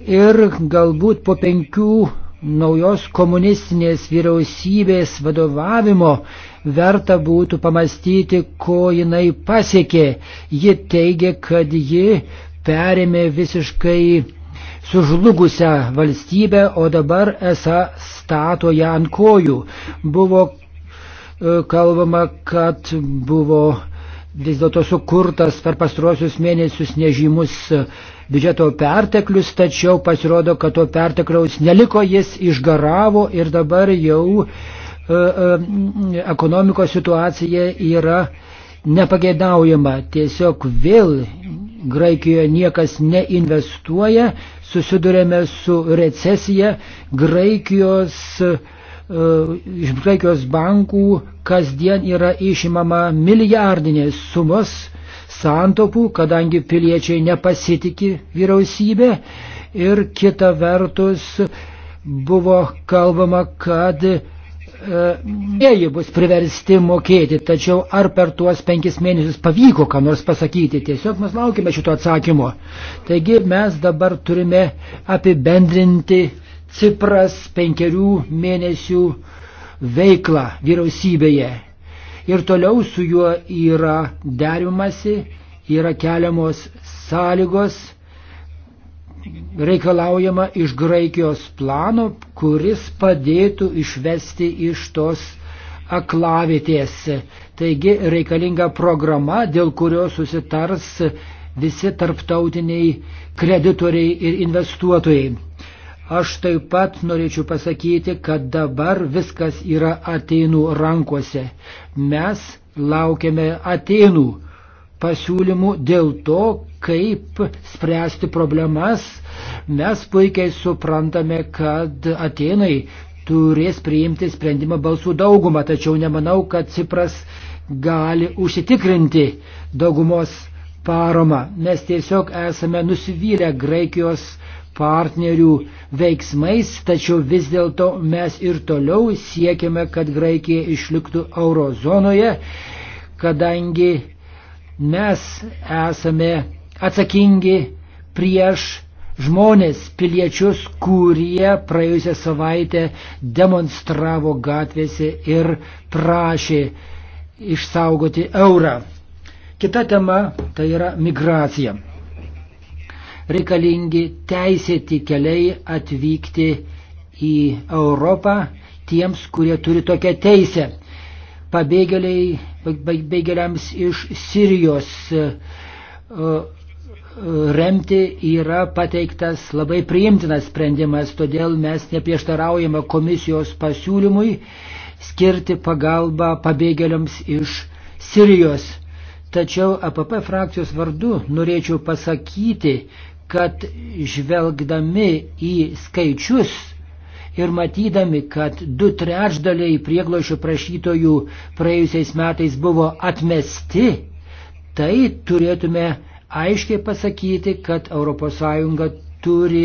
ir galbūt po penkių naujos komunistinės vyriausybės vadovavimo verta būtų pamastyti, ko jinai pasiekė. Ji teigia, kad ji perėmė visiškai sužlugusią valstybę, o dabar esą stato ją ant kojų. Buvo e, kalbama, kad buvo vis dėlto sukurtas per pastruosius mėnesius nežymus biudžeto perteklius, tačiau pasirodo, kad to pertekliaus neliko, jis išgaravo ir dabar jau e, e, ekonomikos situacija yra nepageidaujama. Tiesiog vėl Graikijoje niekas neinvestuoja, susidurėme su recesija, Graikijos, e, iš Graikijos bankų kasdien yra išimama milijardinės sumos santopų, kadangi piliečiai nepasitikė vyriausybė ir kita vertus buvo kalbama, kad jie bus priversti mokėti, tačiau ar per tuos penkis mėnesius pavyko ką nors pasakyti, tiesiog mes laukime šito atsakymo. Taigi mes dabar turime apibendrinti Cipras penkerių mėnesių veiklą vyriausybėje. Ir toliau su juo yra derimasi, yra keliamos sąlygos reikalaujama iš Graikijos plano, kuris padėtų išvesti iš tos aklavitės. Taigi reikalinga programa, dėl kurios susitars visi tarptautiniai kreditoriai ir investuotojai. Aš taip pat norėčiau pasakyti, kad dabar viskas yra Atenų rankose. Mes laukiame Atenų pasiūlymų dėl to, kaip spręsti problemas. Mes puikiai suprantame, kad Atenai turės priimti sprendimą balsų daugumą, tačiau nemanau, kad Cipras gali užsitikrinti daugumos paramą. Mes tiesiog esame nusivylę Graikijos partnerių veiksmais, tačiau vis dėlto mes ir toliau siekiame, kad Graikija išliktų eurozonoje, kadangi Mes esame atsakingi prieš žmonės, piliečius, kurie praėjusią savaitę demonstravo gatvėse ir prašė išsaugoti eurą. Kita tema tai yra migracija. Reikalingi teisėti keliai atvykti į Europą tiems, kurie turi tokią teisę pabėgėliai, pabėgėliams iš Sirijos e, e, remti yra pateiktas labai priimtinas sprendimas, todėl mes neprieštaraujame komisijos pasiūlymui skirti pagalbą pabėgėliams iš Sirijos. Tačiau APP frakcijos vardu norėčiau pasakyti, kad žvelgdami į skaičius, ir matydami, kad du trečdaliai prieglošių prašytojų praėjusiais metais buvo atmesti, tai turėtume aiškiai pasakyti, kad ES turi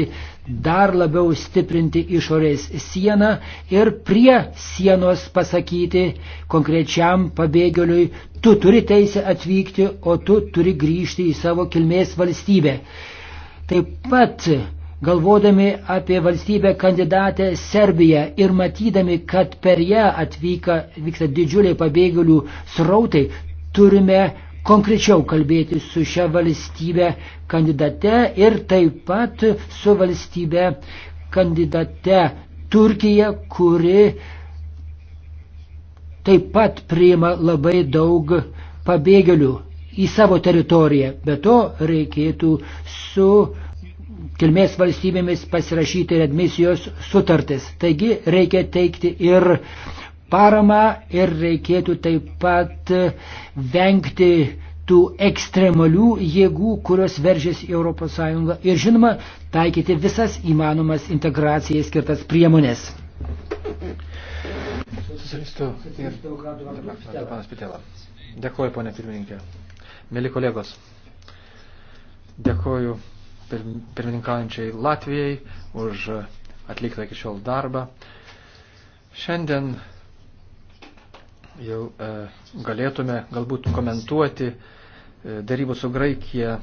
dar labiau stiprinti išorės sieną ir prie sienos pasakyti konkrečiam pabėgėliui, tu turi teisę atvykti, o tu turi grįžti į savo kilmės valstybę. Taip pat galvodami apie valstybę kandidatę Serbiją ir matydami, kad per ją atvyka, vyksta didžiuliai pabėgėlių srautai, turime konkrečiau kalbėti su šia valstybė kandidate ir taip pat su valstybė kandidate Turkija, kuri taip pat priima labai daug pabėgėlių į savo teritoriją. Be to reikėtų su kilmės valstybėmis pasirašyti redmisijos sutartis. Taigi reikia teikti ir paramą ir reikėtų taip pat vengti tų ekstremalių jėgų, kurios veržiasi į ES ir žinoma taikyti visas įmanomas integracijai skirtas priemonės. Dėkuoju, ponė pirmininkė. Mėly kolegos, dėkuoju pirmininkaujančiai Latvijai už atliktą iki šiol darbą. Šiandien jau e, galėtume galbūt komentuoti e, darybų su Graikija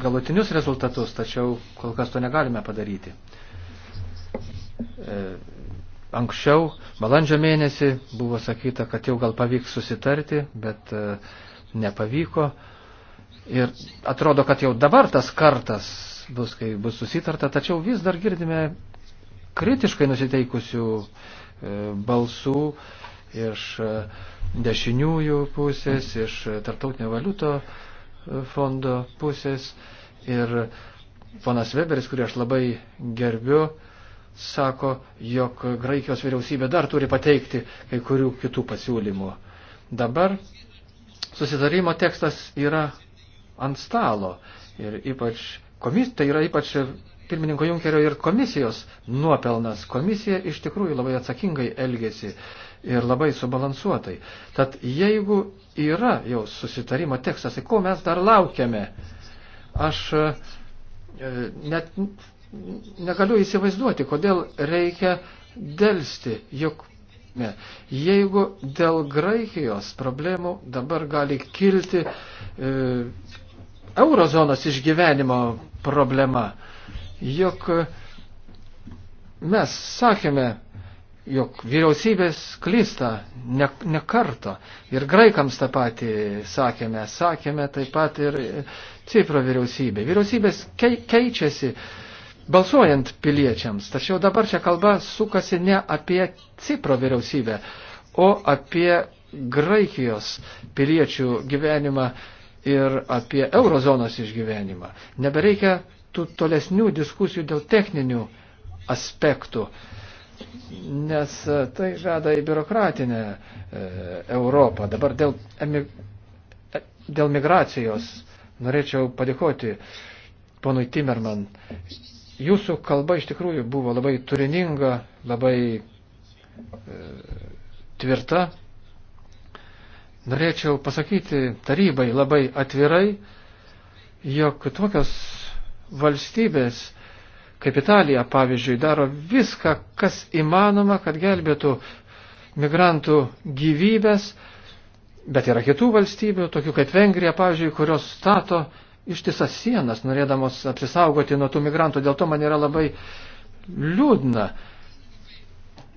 galutinius rezultatus, tačiau kol kas to negalime padaryti. E, anksčiau, balandžio mėnesį, buvo sakyta, kad jau gal pavyks susitarti, bet e, nepavyko. Ir atrodo, kad jau dabar tas kartas bus, kai bus susitarta, tačiau vis dar girdime kritiškai nusiteikusių e, balsų iš e, dešiniųjų pusės, iš tarptautinio valiuto e, fondo pusės. Ir ponas Weberis, kurį aš labai gerbiu, sako, jog Graikijos vyriausybė dar turi pateikti kai kurių kitų pasiūlymų. Dabar susitarimo tekstas yra ant stalo ir ypač Komis, tai yra ypač pirmininko Junkerio ir komisijos nuopelnas. Komisija iš tikrųjų labai atsakingai elgėsi ir labai subalansuotai. Tad jeigu yra jau susitarimo tekstas, tai ko mes dar laukiame? Aš e, net negaliu įsivaizduoti, kodėl reikia dėlsti, juk Ne. Jeigu dėl Graikijos problemų dabar gali kilti e, eurozonos išgyvenimo problema. Juk mes sakėme, jog vyriausybės klysta ne, ne kartą. Ir graikams tą patį sakėme, sakėme taip pat ir Cipro vyriausybė. Vyriausybės keičiasi balsuojant piliečiams, tačiau dabar čia kalba sukasi ne apie Cipro vyriausybę, o apie Graikijos piliečių gyvenimą ir apie eurozonos išgyvenimą. Nebereikia tų tolesnių diskusijų dėl techninių aspektų, nes e, tai žada į biurokratinę e, Europą. Dabar dėl, emig, e, dėl migracijos norėčiau padėkoti ponui Timerman. Jūsų kalba iš tikrųjų buvo labai turininga, labai e, tvirta norėčiau pasakyti tarybai labai atvirai, jog tokios valstybės kaip Italija, pavyzdžiui, daro viską, kas įmanoma, kad gelbėtų migrantų gyvybės, bet yra kitų valstybių, tokių kaip Vengrija, pavyzdžiui, kurios stato ištisas sienas, norėdamos apsisaugoti nuo tų migrantų. Dėl to man yra labai liūdna,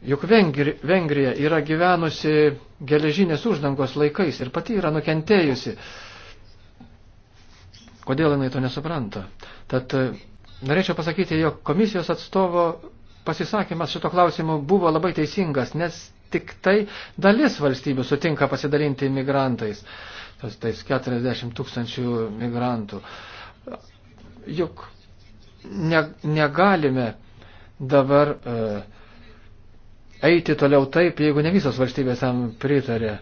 Juk Vengri, Vengrija yra gyvenusi geležinės uždangos laikais ir pati yra nukentėjusi. Kodėl jinai to nesupranta? Tad e, norėčiau pasakyti, jog komisijos atstovo pasisakymas šito klausimu buvo labai teisingas, nes tik tai dalis valstybių sutinka pasidalinti imigrantais, tas tais 40 tūkstančių migrantų. Juk ne, negalime dabar. E, eiti toliau taip, jeigu ne visos valstybės tam pritarė.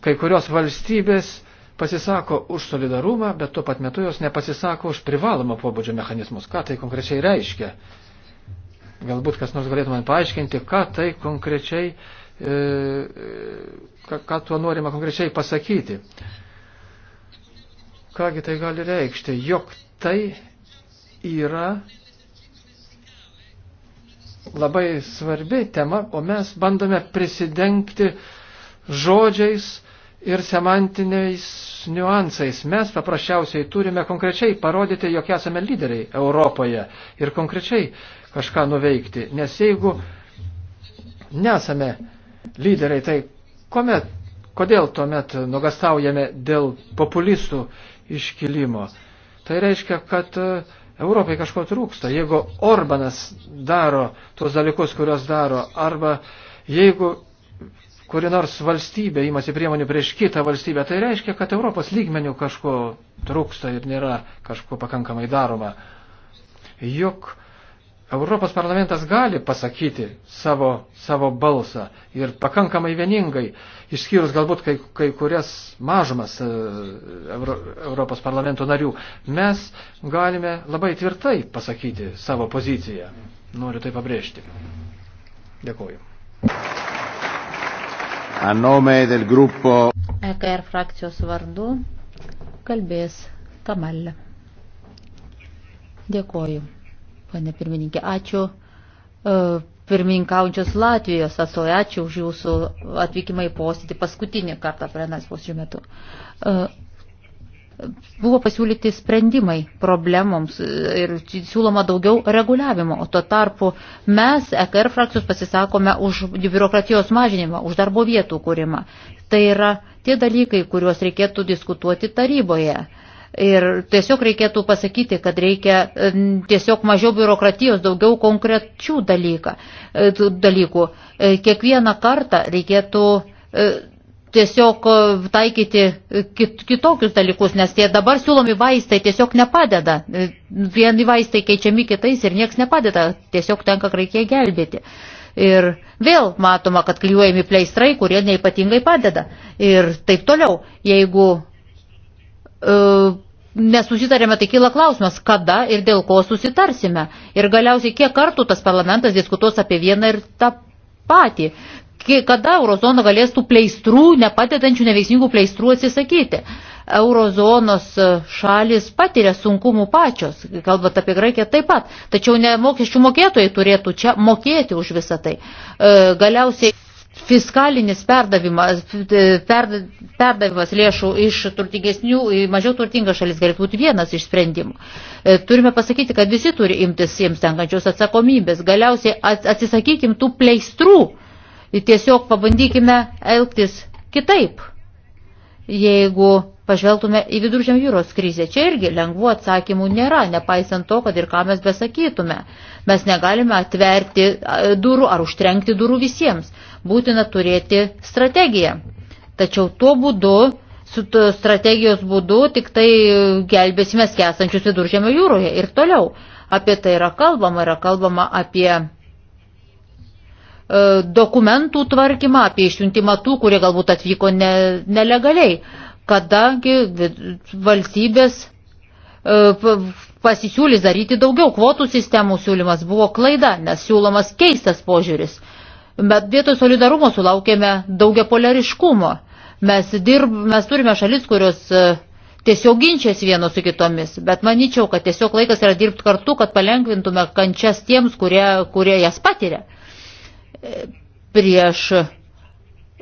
Kai kurios valstybės pasisako už solidarumą, bet tuo pat metu jos nepasisako už privalomą pobūdžio mechanizmus. Ką tai konkrečiai reiškia? Galbūt kas nors galėtų man paaiškinti, ką tai konkrečiai, e, ką, ką tuo norima konkrečiai pasakyti. Kągi tai gali reikšti, jog tai yra labai svarbi tema, o mes bandome prisidengti žodžiais ir semantiniais niuansais. Mes paprasčiausiai turime konkrečiai parodyti, jog esame lyderiai Europoje ir konkrečiai kažką nuveikti. Nes jeigu nesame lyderiai, tai komet, kodėl tuomet nugastaujame dėl populistų iškilimo? Tai reiškia, kad uh, Europai kažko trūksta. Jeigu Orbanas daro tuos dalykus, kuriuos daro, arba jeigu kuri nors valstybė imasi priemonių prieš kitą valstybę, tai reiškia, kad Europos lygmenių kažko trūksta ir nėra kažko pakankamai daroma. Juk uh, Europos parlamentas gali pasakyti savo, savo balsą ir pakankamai vieningai, išskyrus galbūt kai, kai kurias mažumas e, Euro, Europos parlamento narių, mes galime labai tvirtai pasakyti savo poziciją. Noriu tai pabrėžti. Dėkuoju. A nome del gruppo EKR frakcijos vardu kalbės Kamalė. Dėkuoju. Pane pirmininkė, ačiū e, pirmininkaujančios Latvijos atstovai, ačiū už jūsų atvykimą į posėdį paskutinį kartą plenas posėdžio metu. E, buvo pasiūlyti sprendimai problemoms e, ir siūloma daugiau reguliavimo, o tuo tarpu mes, EKR frakcijos, pasisakome už biurokratijos mažinimą, už darbo vietų kūrimą. Tai yra tie dalykai, kuriuos reikėtų diskutuoti taryboje Ir tiesiog reikėtų pasakyti, kad reikia e, tiesiog mažiau biurokratijos, daugiau konkrečių dalyką, e, dalykų. E, kiekvieną kartą reikėtų tiesiog taikyti kitokius dalykus, nes tie dabar siūlomi vaistai tiesiog nepadeda. Vieni vaistai keičiami kitais ir niekas nepadeda, tiesiog tenka Graikijai gelbėti. Ir vėl matoma, kad klyjuojami pleistrai, kurie neipatingai padeda. Ir taip toliau, jeigu E, nesusitarėme, tai kyla klausimas, kada ir dėl ko susitarsime. Ir galiausiai, kiek kartų tas parlamentas diskutuos apie vieną ir tą patį. Kada eurozona galės tų pleistrų, nepadedančių neveiksmingų pleistrų atsisakyti. Eurozonos šalis patiria sunkumų pačios, kalbant apie Graikiją taip pat, tačiau ne mokesčių mokėtojai turėtų čia mokėti už visą tai. E, galiausiai fiskalinis perdavimas, perda, perdavimas lėšų iš turtingesnių į mažiau turtingas šalis galėtų būti vienas iš sprendimų. E, turime pasakyti, kad visi turi imtis jiems tenkančios atsakomybės. Galiausiai atsisakykim tų pleistrų ir tiesiog pabandykime elgtis kitaip. Jeigu pažvelgtume į viduržėm jūros krizę, čia irgi lengvų atsakymų nėra, nepaisant to, kad ir ką mes besakytume. Mes negalime atverti durų ar užtrenkti durų visiems būtina turėti strategiją. Tačiau tuo būdu, su strategijos būdu, tik tai gelbėsime skęstančius viduržėmio jūroje ir toliau. Apie tai yra kalbama, yra kalbama apie e, dokumentų tvarkymą, apie išsiuntimą tų, kurie galbūt atvyko ne, nelegaliai, kadangi valstybės e, pasisiūlys daryti daugiau. Kvotų sistemų siūlymas buvo klaida, nes siūlomas keistas požiūris bet vietoj solidarumo sulaukėme daugia polariškumo. Mes, dirb, mes turime šalis, kurios e, tiesiog ginčiasi vienos su kitomis, bet manyčiau, kad tiesiog laikas yra dirbti kartu, kad palengvintume kančias tiems, kurie, kurie jas patiria. E, prieš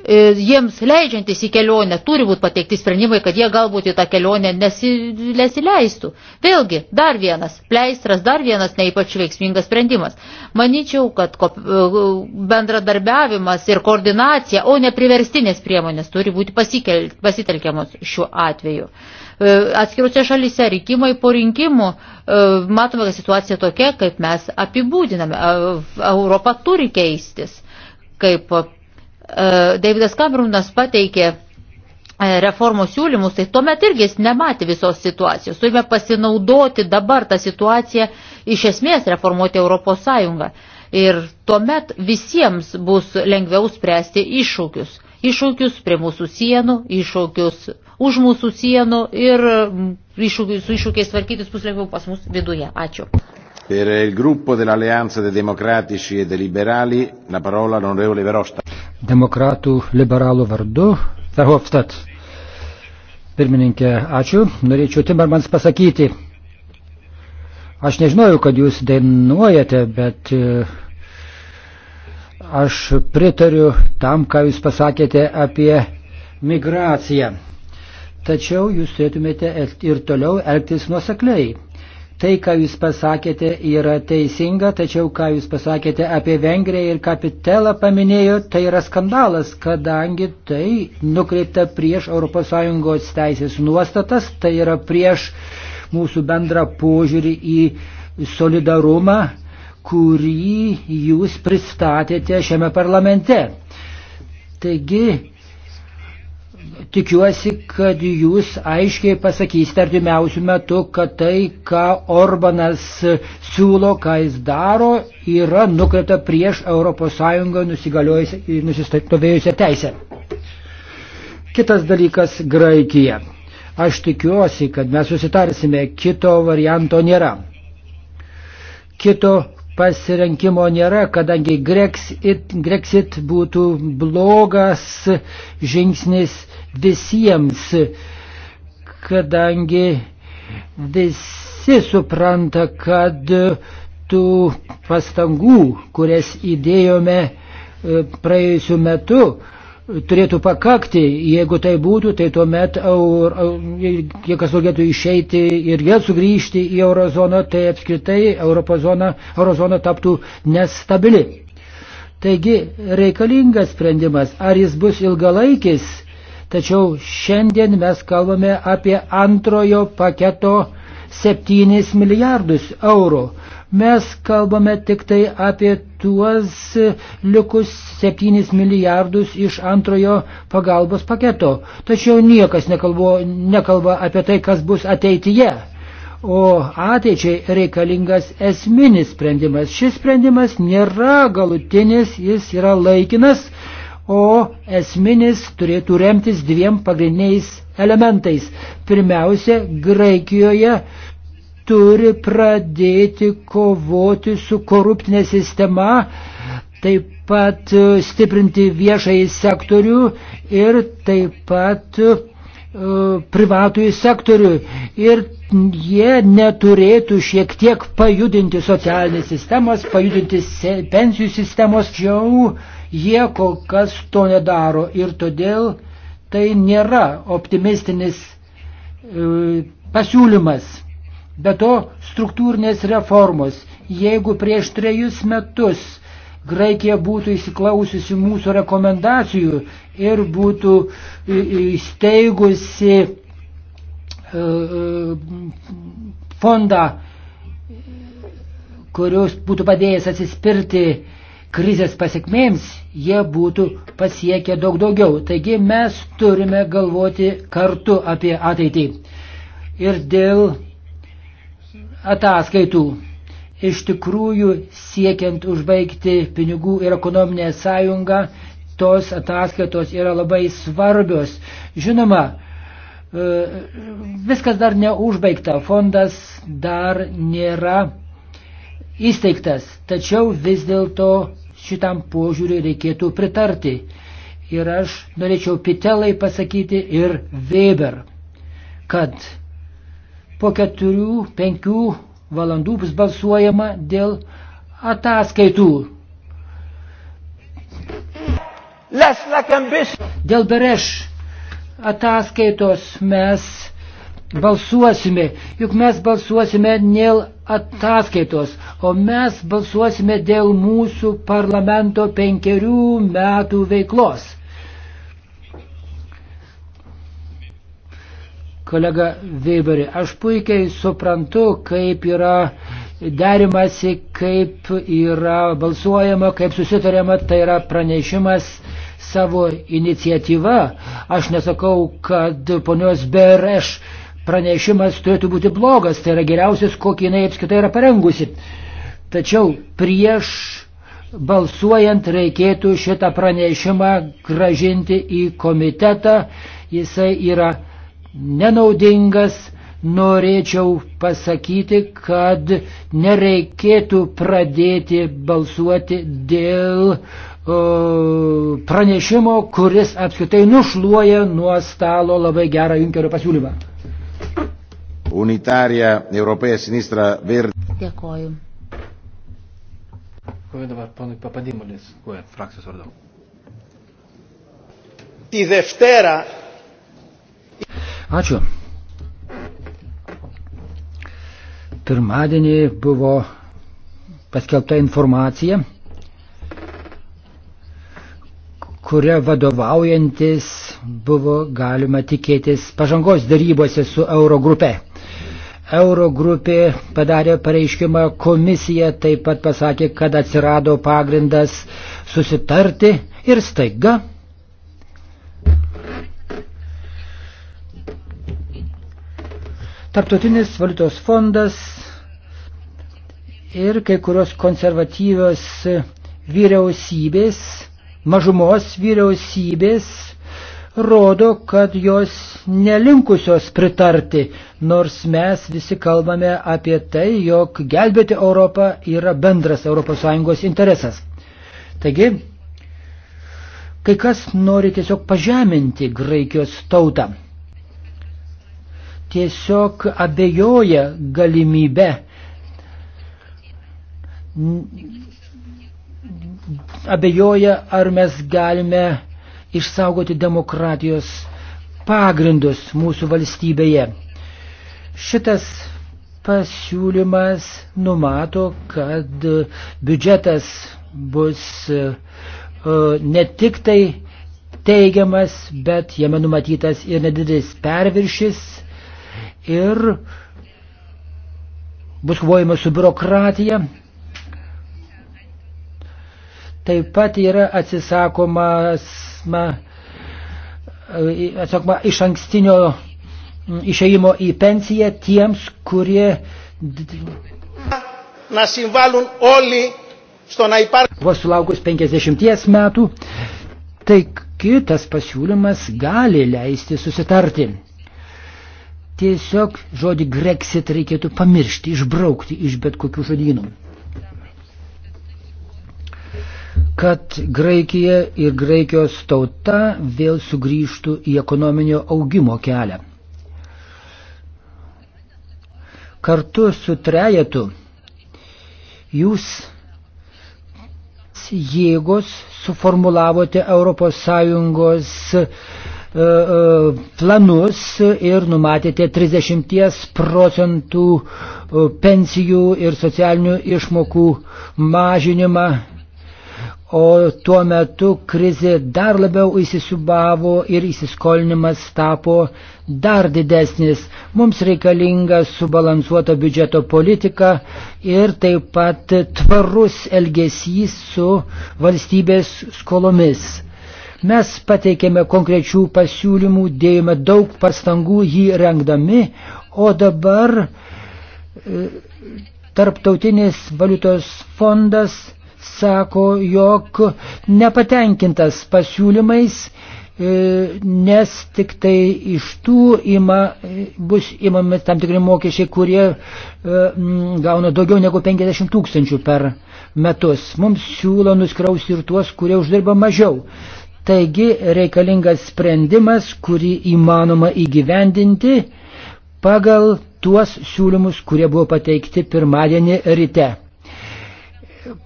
E, jiems leidžiantis į kelionę turi būti pateikti sprendimai, kad jie galbūt į tą kelionę nesileistų. Vėlgi, dar vienas pleistras, dar vienas neįpač veiksmingas sprendimas. Manyčiau, kad e, bendradarbiavimas ir koordinacija, o ne priverstinės priemonės turi būti pasikel, pasitelkiamos šiuo atveju. E, atskiruose šalyse rinkimai po rinkimų matome, kad situacija tokia, kaip mes apibūdiname. Europa turi keistis kaip E, Davidas Kamerunas pateikė e, reformos siūlymus, tai tuomet irgi jis nematė visos situacijos. Turime pasinaudoti dabar tą situaciją iš esmės reformuoti Europos Sąjungą. Ir tuomet visiems bus lengviau spręsti iššūkius. Iššūkius prie mūsų sienų, iššūkius už mūsų sienų ir iššūkius, su iššūkiais tvarkytis bus lengviau pas mus viduje. Ačiū. Per il gruppo dell'Alleanza dei Democratici e dei Liberali la parola all'onorevole Verhofstadt. Demokratų liberalų vardu Verhofstadt. Pirmininkė, ačiū. Norėčiau Timmermans pasakyti. Aš nežinojau, kad jūs dainuojate, bet e, aš pritariu tam, ką jūs pasakėte apie migraciją. Tačiau jūs turėtumėte ir toliau elgtis nuosekliai Tai, ką jūs pasakėte, yra teisinga, tačiau ką jūs pasakėte apie Vengriją ir kapitalą paminėjo, tai yra skandalas, kadangi tai nukreipta prieš ES teisės nuostatas, tai yra prieš mūsų bendrą požiūrį į solidarumą, kurį jūs pristatėte šiame parlamente. Taigi, Tikiuosi, kad jūs aiškiai pasakysite artimiausių metų, kad tai, ką Orbanas siūlo, ką jis daro, yra nukreipta prieš ES nusistovėjusią teisę. Kitas dalykas - Graikija. Aš tikiuosi, kad mes susitarsime, kito varianto nėra. Kito pasirenkimo nėra, kadangi Grexit, Grexit būtų blogas žingsnis visiems, kadangi visi supranta, kad tų pastangų, kurias įdėjome e, praėjusiu metu, turėtų pakakti, jeigu tai būtų, tai tuomet eur, jei kas norėtų išeiti ir vėl sugrįžti į eurozoną, tai apskritai eurozona, eurozona taptų nestabili. Taigi reikalingas sprendimas, ar jis bus ilgalaikis, tačiau šiandien mes kalbame apie antrojo paketo uh, 7 milijardus eurų. Mes kalbame tik tai apie tuos likus 7 milijardus iš antrojo pagalbos paketo. Tačiau niekas nekalbo, nekalba apie tai, kas bus ateityje. O ateičiai reikalingas esminis sprendimas. Šis sprendimas nėra galutinis, jis yra laikinas o esminis turėtų remtis dviem pagrindiniais elementais. Pirmiausia, Graikijoje turi pradėti kovoti su koruptinė sistema, taip pat e, stiprinti viešai sektorių ir taip pat e, privatųjų sektorių ir jie neturėtų šiek tiek pajudinti socialinės sistemos, pajudinti pensijų sistemos, jau uh, Jie kol kas to nedaro ir todėl tai nėra optimistinis e, pasiūlymas. Be to, struktūrinės reformos. Jeigu prieš trejus metus Graikija būtų įsiklausiusi mūsų rekomendacijų ir būtų įsteigusi e, e, fondą, kurios būtų padėjęs atsispirti krizės pasiekmėms, jie būtų pasiekę daug daugiau. Taigi mes turime galvoti kartu apie ateitį. Ir dėl ataskaitų. Iš tikrųjų, siekiant užbaigti pinigų ir ekonominę sąjungą, tos ataskaitos yra labai svarbios. Žinoma, e, viskas dar neužbaigta, fondas dar nėra įsteigtas, tačiau vis dėlto šitam požiūriui reikėtų pritarti. Ir aš norėčiau Pitelai pasakyti ir Weber, kad po keturių, penkių valandų bus balsuojama dėl ataskaitų. Dėl Bereš ataskaitos mes balsuosime, juk mes balsuosime dėl ataskaitos, o mes balsuosime dėl mūsų parlamento penkerių metų veiklos. Kolega Weberi, aš puikiai suprantu, kaip yra derimasi, kaip yra balsuojama, kaip susitariama, tai yra pranešimas savo iniciatyva. Aš nesakau, kad ponios Bereš pranešimas turėtų būti blogas, tai yra geriausias, kokį jinai apskritai yra parengusi. Tačiau prieš balsuojant reikėtų šitą pranešimą gražinti į komitetą, jisai yra nenaudingas, norėčiau pasakyti, kad nereikėtų pradėti balsuoti dėl o, pranešimo, kuris apskritai nušluoja nuo stalo labai gerą Junkerio pasiūlymą. Unitarija Europėja Sinistra Verde. Dėkoju. Dėkoju dabar ponui Papadimulis, kuo frakcijos vardu. Τη Δευτέρα. Ačiū. Pirmadienį buvo paskelbta informacija, kuria vadovaujantis buvo galima tikėtis pažangos darybose su Eurogrupe. Euro grupė padarė pareiškimą, komisija taip pat pasakė, kad atsirado pagrindas susitarti ir staiga. Tarptautinis valiutos fondas ir kai kurios konservatyvios vyriausybės, mažumos vyriausybės rodo, kad jos nelinkusios pritarti, nors mes visi kalbame apie tai, jog gelbėti Europą yra bendras ES interesas. Taigi, kai kas nori tiesiog pažeminti Graikijos tautą, tiesiog abejoja galimybę abejoja, ar mes galime išsaugoti demokratijos pagrindus mūsų valstybėje. Šitas pasiūlymas numato, kad biudžetas bus e, ne tik tai teigiamas, bet jame numatytas ir nedidelis perviršis ir bus kovojama su biurokratija. Taip pat yra atsisakomas klausimą, atsakoma, e, iš ankstinio išeimo į pensiją tiems, kurie να συμβάλλουν όλοι στο να υπάρχει. Vos sulaukus 50 metų, tai kitas pasiūlymas gali leisti susitarti. Tiesiog žodį Grexit reikėtų pamiršti, išbraukti iš bet kokių žodynų. kad Graikija ir Graikijos tauta vėl sugrįžtų į ekonominio augimo kelią. Kartu su trejetu jūs jėgos suformulavote ES e, e, planus ir numatėte 30 procentų e, pensijų ir socialinių išmokų mažinimą o tuo metu krizė dar labiau įsisubavo ir įsiskolinimas tapo dar didesnis. Mums reikalinga subalansuota biudžeto politika ir taip pat tvarus elgesys su valstybės skolomis. Mes pateikėme konkrečių pasiūlymų, dėjome daug pastangų jį rengdami, o dabar e, Tarptautinis valiutos fondas sako, jog nepatenkintas pasiūlymais, e, nes tik tai iš tų ima, e, bus imami tam tikri mokesčiai, kurie e, gauna daugiau negu 50 tūkstančių per metus. Mums siūlo nuskrausti ir tuos, kurie uždirba mažiau. Taigi reikalingas sprendimas, kurį įmanoma įgyvendinti pagal tuos siūlymus, kurie buvo pateikti pirmadienį ryte.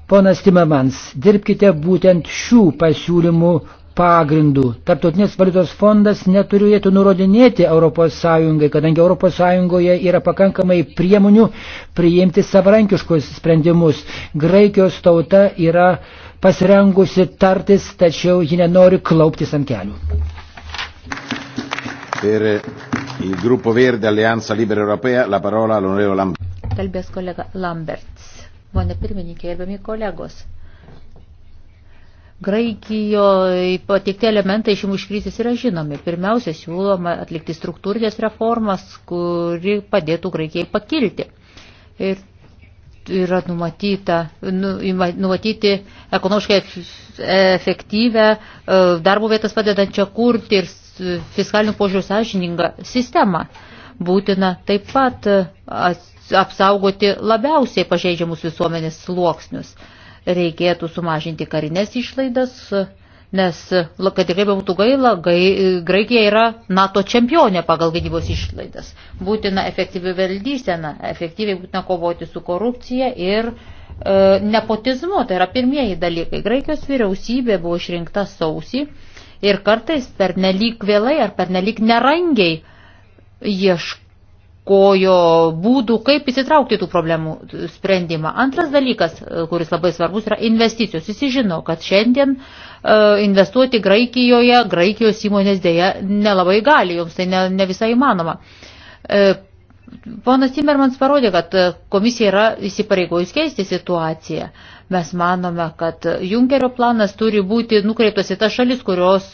Ponas Timemans, dirbkite būtent šių pasiūlymų pagrindų. Tarptautinės valiutos fondas neturėtų nurodinėti ES, kadangi ES yra pakankamai priemonių priimti savarankiškus sprendimus. Graikijos tauta yra pasirengusi tartis, tačiau ji nenori klauptis ant kelių. Per il gruppo Verde Alleanza Libera Europea la parola all'onorevole Lambert. Kalbės kolega Lambert. Mane pirmininkė, gerbiami kolegos. Graikijoje pateikti elementai iš iškrytis yra žinomi. Pirmiausia, siūloma atlikti struktūrinės reformas, kuri padėtų Graikijai pakilti. Ir yra numatyta, nu, numatyti ekonomiškai efektyvę e, darbo vietas padedančią kurti ir fiskalinių požiūrių sąžiningą sistemą. Būtina taip pat e, apsaugoti labiausiai pažeidžiamus visuomenės sluoksnius. Reikėtų sumažinti karinės išlaidas, nes, kad tikrai būtų gaila, gai, Graikija yra NATO čempionė pagal gynybos išlaidas. Būtina efektyvi valdysena, efektyviai būtina kovoti su korupcija ir e, nepotizmu, tai yra pirmieji dalykai. Graikijos vyriausybė buvo išrinkta sausį ir kartais per nelik vėlai ar per nelik nerangiai ieško kojo būdų, kaip įsitraukti tų problemų sprendimą. Antras dalykas, e, kuris labai svarbus, yra investicijos. Jis žino, kad šiandien e, investuoti Graikijoje, Graikijos įmonės dėja nelabai gali, joms tai ne, ne visai įmanoma. E, ponas Timmermans parodė, kad komisija yra įsipareigojus keisti situaciją. Mes manome, kad Junkerio planas turi būti nukreiptas į tas šalis, kurios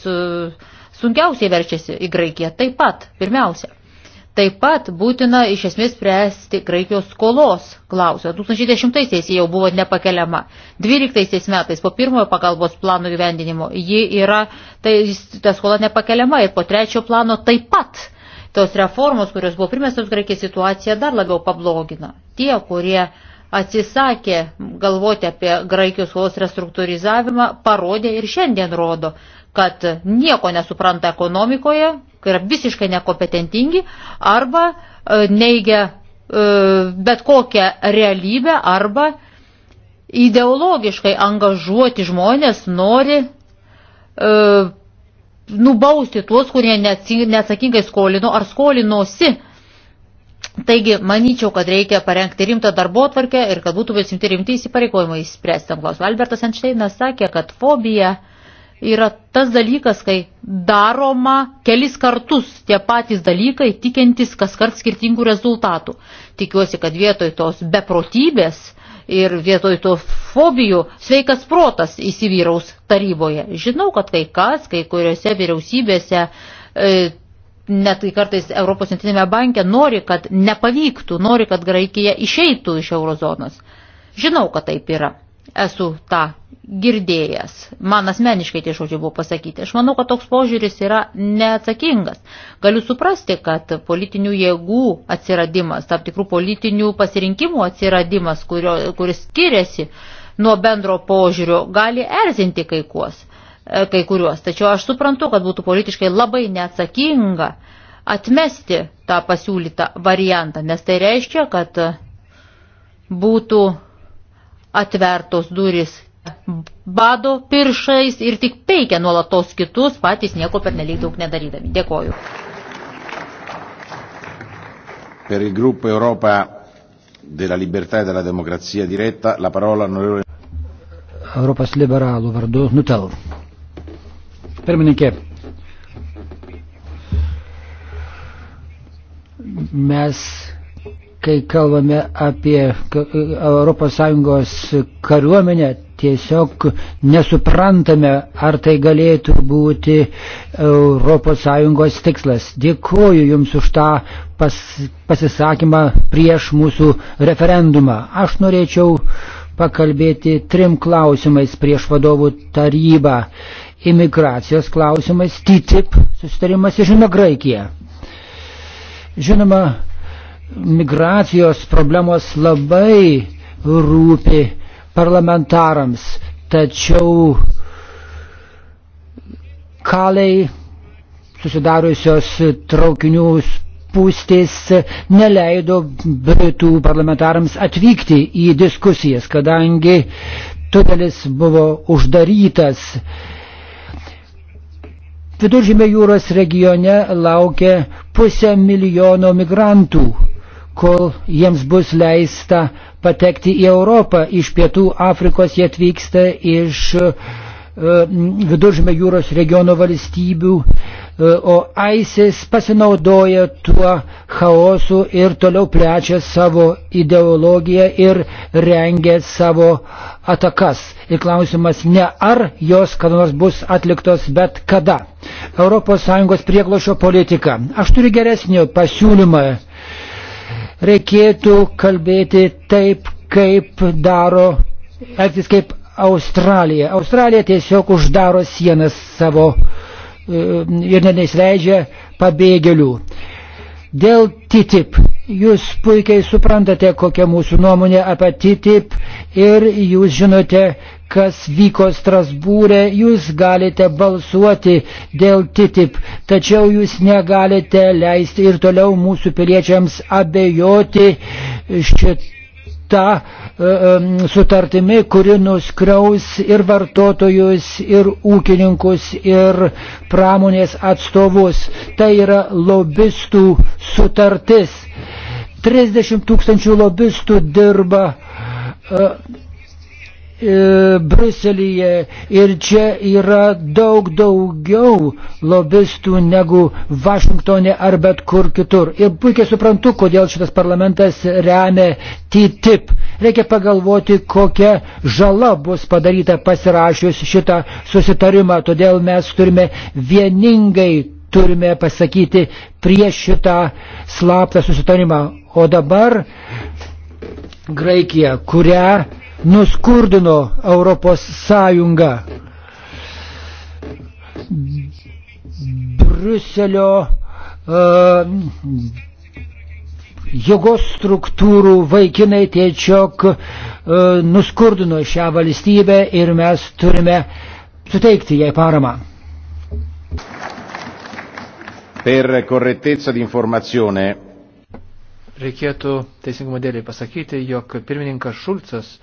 sunkiausiai verčiasi į Graikiją taip pat, pirmiausia. Taip pat būtina iš esmės spręsti Graikijos skolos klausimą. 2010-aisiais jau buvo nepakeliama. 12 metais po pirmojo pagalbos plano gyvendinimo ji yra, tai, ta skola nepakeliama ir po trečiojo plano taip pat tos reformos, kurios buvo primestos Graikijai, situaciją dar labiau pablogina. Tie, kurie atsisakė galvoti apie Graikijos skolos restruktūrizavimą, parodė ir šiandien rodo, kad nieko nesupranta ekonomikoje, kai yra visiškai nekompetentingi, arba e, neigia e, bet kokią realybę, arba ideologiškai angažuoti žmonės nori e, nubausti tuos, kurie neatsakingai skolino ar skolinosi. Taigi, manyčiau, kad reikia parengti rimtą darbo atvarkę ir kad būtų prisimti rimti įsipareigojimai spręsti tam klausimą. Albertas Einšteinas sakė, kad fobija yra tas dalykas, kai daroma kelis kartus tie patys dalykai, tikintis kas kart skirtingų rezultatų. Tikiuosi, kad vietoj tos beprotybės ir vietoj to fobijų sveikas protas įsivyraus taryboje. Žinau, kad kai kas, kai kuriuose vyriausybėse, e, net kartais Europos centrinėme banke nori, kad nepavyktų, nori, kad Graikija išeitų iš eurozonos. Žinau, kad taip yra esu tą girdėjęs. Man asmeniškai tie žodžiai buvo pasakyti. Aš manau, kad toks požiūris yra neatsakingas. Galiu suprasti, kad politinių jėgų atsiradimas, tam tikrų politinių pasirinkimų atsiradimas, kurio, kuris skiriasi nuo bendro požiūrio, gali erzinti kai, kuos, e, kai kuriuos. Tačiau aš suprantu, kad būtų politiškai labai neatsakinga atmesti tą pasiūlytą variantą, nes tai reiškia, kad būtų atvertos duris bado piršais ir tik peikia nuolatos kitus, patys nieko per nelik daug nedarydami. Dėkoju. Per il gruppo Europa della libertà e della democrazia diretta la parola onorevole. Europos liberalų vardu Nutel. Pirmininkė, mes kai kalbame apie ES kariuomenę, tiesiog nesuprantame, ar tai galėtų būti ES tikslas. Dėkuoju Jums už tą pas, pasisakymą prieš mūsų referendumą. Aš norėčiau pakalbėti trim klausimais prieš vadovų tarybą. Imigracijos klausimais, TTIP susitarimas ir žinoma Graikija. Žinoma, migracijos problemos labai rūpi parlamentarams, tačiau kaliai susidariusios traukinių spūstys neleido britų parlamentarams atvykti į diskusijas, kadangi tunelis buvo uždarytas. Viduržymė jūros regione laukia pusę milijono migrantų kol jiems bus leista patekti į Europą. Iš pietų Afrikos jie atvyksta iš e, viduržmė jūros regiono valstybių, e, o ISIS pasinaudoja tuo chaosu ir toliau plečia savo ideologiją ir rengia savo atakas. Ir klausimas ne ar jos kada nors bus atliktos, bet kada. ES prieglošio politika. Aš turiu geresnį pasiūlymą reikėtų kalbėti taip, kaip daro, elgtis kaip Australija. Australija tiesiog uždaro sienas savo e, ir neįsileidžia pabėgėlių. Dėl TTIP. Jūs puikiai suprantate, kokia mūsų nuomonė apie TTIP ir jūs žinote, kas vyko Strasbūrė, jūs galite balsuoti dėl TTIP, tačiau jūs negalite leisti ir toliau mūsų piliečiams abejoti šitą ta e, e, sutartimi, kuri nuskriaus ir vartotojus, ir ūkininkus, ir pramonės atstovus. Tai yra lobistų sutartis. 30 tūkstančių lobistų dirba e, E, Bruselyje ir čia yra daug daugiau lobistų negu Vašingtonė ar bet kur kitur. Ir puikiai suprantu, kodėl šitas parlamentas remia TTIP. Reikia pagalvoti, kokia žala bus padaryta pasirašius šitą susitarimą, todėl mes turime vieningai turime pasakyti prieš šitą slaptą susitarimą. O dabar Graikija, kurią nuskurdino Europos Sąjungą. Bruselio uh, jėgos struktūrų vaikinai tiesiog uh, nuskurdino šią valstybę ir mes turime suteikti jai paramą. Per korrektezza di informazione. Reikėtų teisingumo dėliai pasakyti, jog pirmininkas Šulcas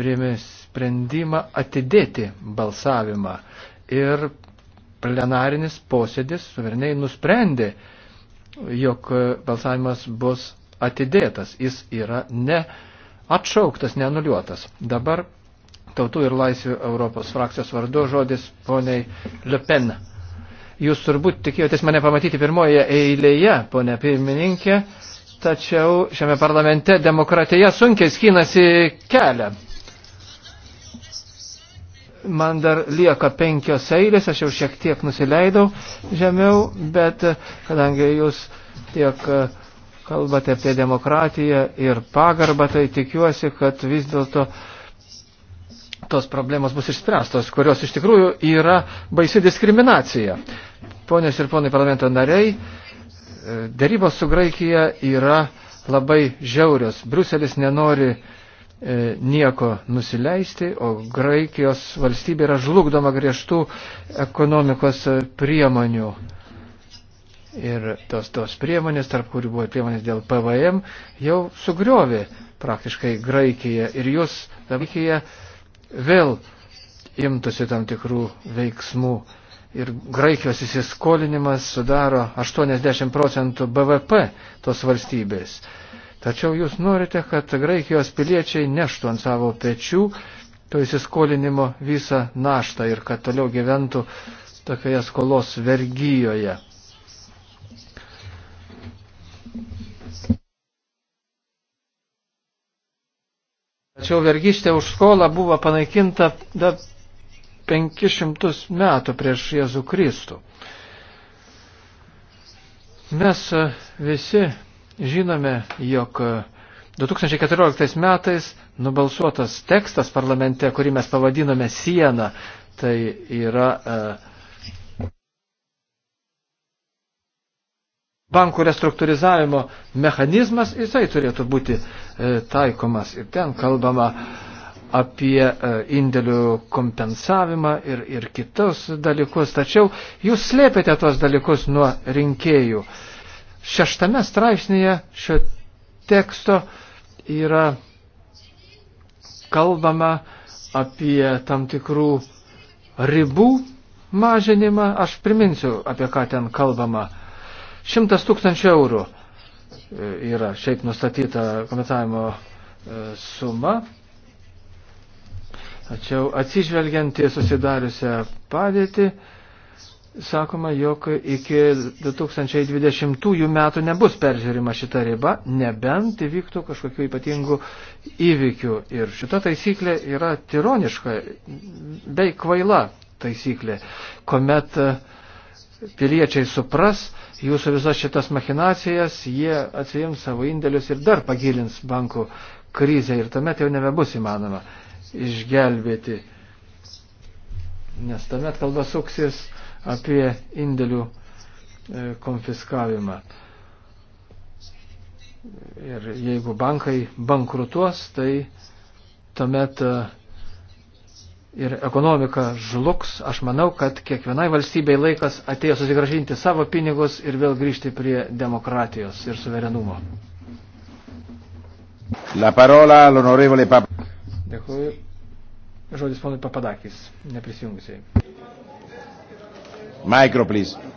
priėmė sprendimą atidėti balsavimą ir plenarinis posėdis suvereniai nusprendė, jog balsavimas bus atidėtas, jis yra ne atšauktas, nenuliuotas. Dabar tautų ir laisvių Europos frakcijos vardu žodis poniai Le Pen. Jūs turbūt tikėjotės mane pamatyti pirmoje eilėje, ponia pirmininkė, tačiau šiame parlamente demokratija sunkiai skinasi kelią man dar lieka penkios eilės, aš jau šiek tiek nusileidau žemiau, bet e, kadangi jūs tiek e, kalbate apie demokratiją ir pagarbą, tai tikiuosi, kad vis dėlto tos problemos bus išspręstos, kurios iš tikrųjų yra baisi diskriminacija. Ponios ir ponai parlamento nariai, e, dėrybos su Graikija yra labai žiaurios. Bruselis nenori E, nieko nusileisti, o Graikijos valstybė yra žlugdoma griežtų ekonomikos priemonių. Ir tos, tos priemonės, tarp kurių buvo priemonės dėl PVM, jau sugriovė praktiškai Graikiją. Ir jūs Graikija vėl imtųsi tam tikrų veiksmų. Ir Graikijos įsiskolinimas sudaro 80 procentų BVP tos valstybės. Tačiau jūs norite, kad Graikijos piliečiai neštų ant savo pečių to įsiskolinimo visą naštą ir kad toliau gyventų tokioje skolos vergyjoje. Tačiau vergystė už skolą buvo panaikinta da 500 metų prieš Jėzų Kristų. Mes e, visi Žinome, jog 2014 e, metais nubalsuotas tekstas parlamente, kurį mes pavadinome sieną, tai yra e, bankų restruktūrizavimo mechanizmas, jisai turėtų būti e, taikomas. Ir ten kalbama apie indėlių kompensavimą ir, ir kitus dalykus. Tačiau jūs slėpėte tuos dalykus nuo rinkėjų. Uh, šeštame straipsnėje šio teksto yra kalbama apie tam tikrų ribų mažinimą. Aš priminsiu, apie ką ten kalbama. Šimtas tūkstančių eurų e, yra šiaip nustatyta komentavimo e, suma. Tačiau atsižvelgiant į susidariusią padėtį, sakoma, jog iki 2020 metų nebus peržiūrima šita riba, nebent įvyktų kažkokiu ypatingu įvykiu. Ir šita taisyklė yra tironiška, bei kvaila taisyklė, kuomet e, piliečiai supras jūsų visas šitas machinacijas, jie atsijims savo indėlius ir dar pagilins bankų krizę ir tuomet jau nebebus įmanoma išgelbėti. Nes tuomet kalba suksis apie indėlių e, konfiskavimą. Ir jeigu bankai bankrutuos, tai tuomet e, ir ekonomika žlugs. Aš manau, kad kiekvienai valstybei laikas atėjo susigražinti savo pinigus ir vėl grįžti prie demokratijos ir suverenumo. La parola all'onorevole Papadakis. Dėkui. Žodis ponui Papadakis, neprisijungusiai. Micro, please.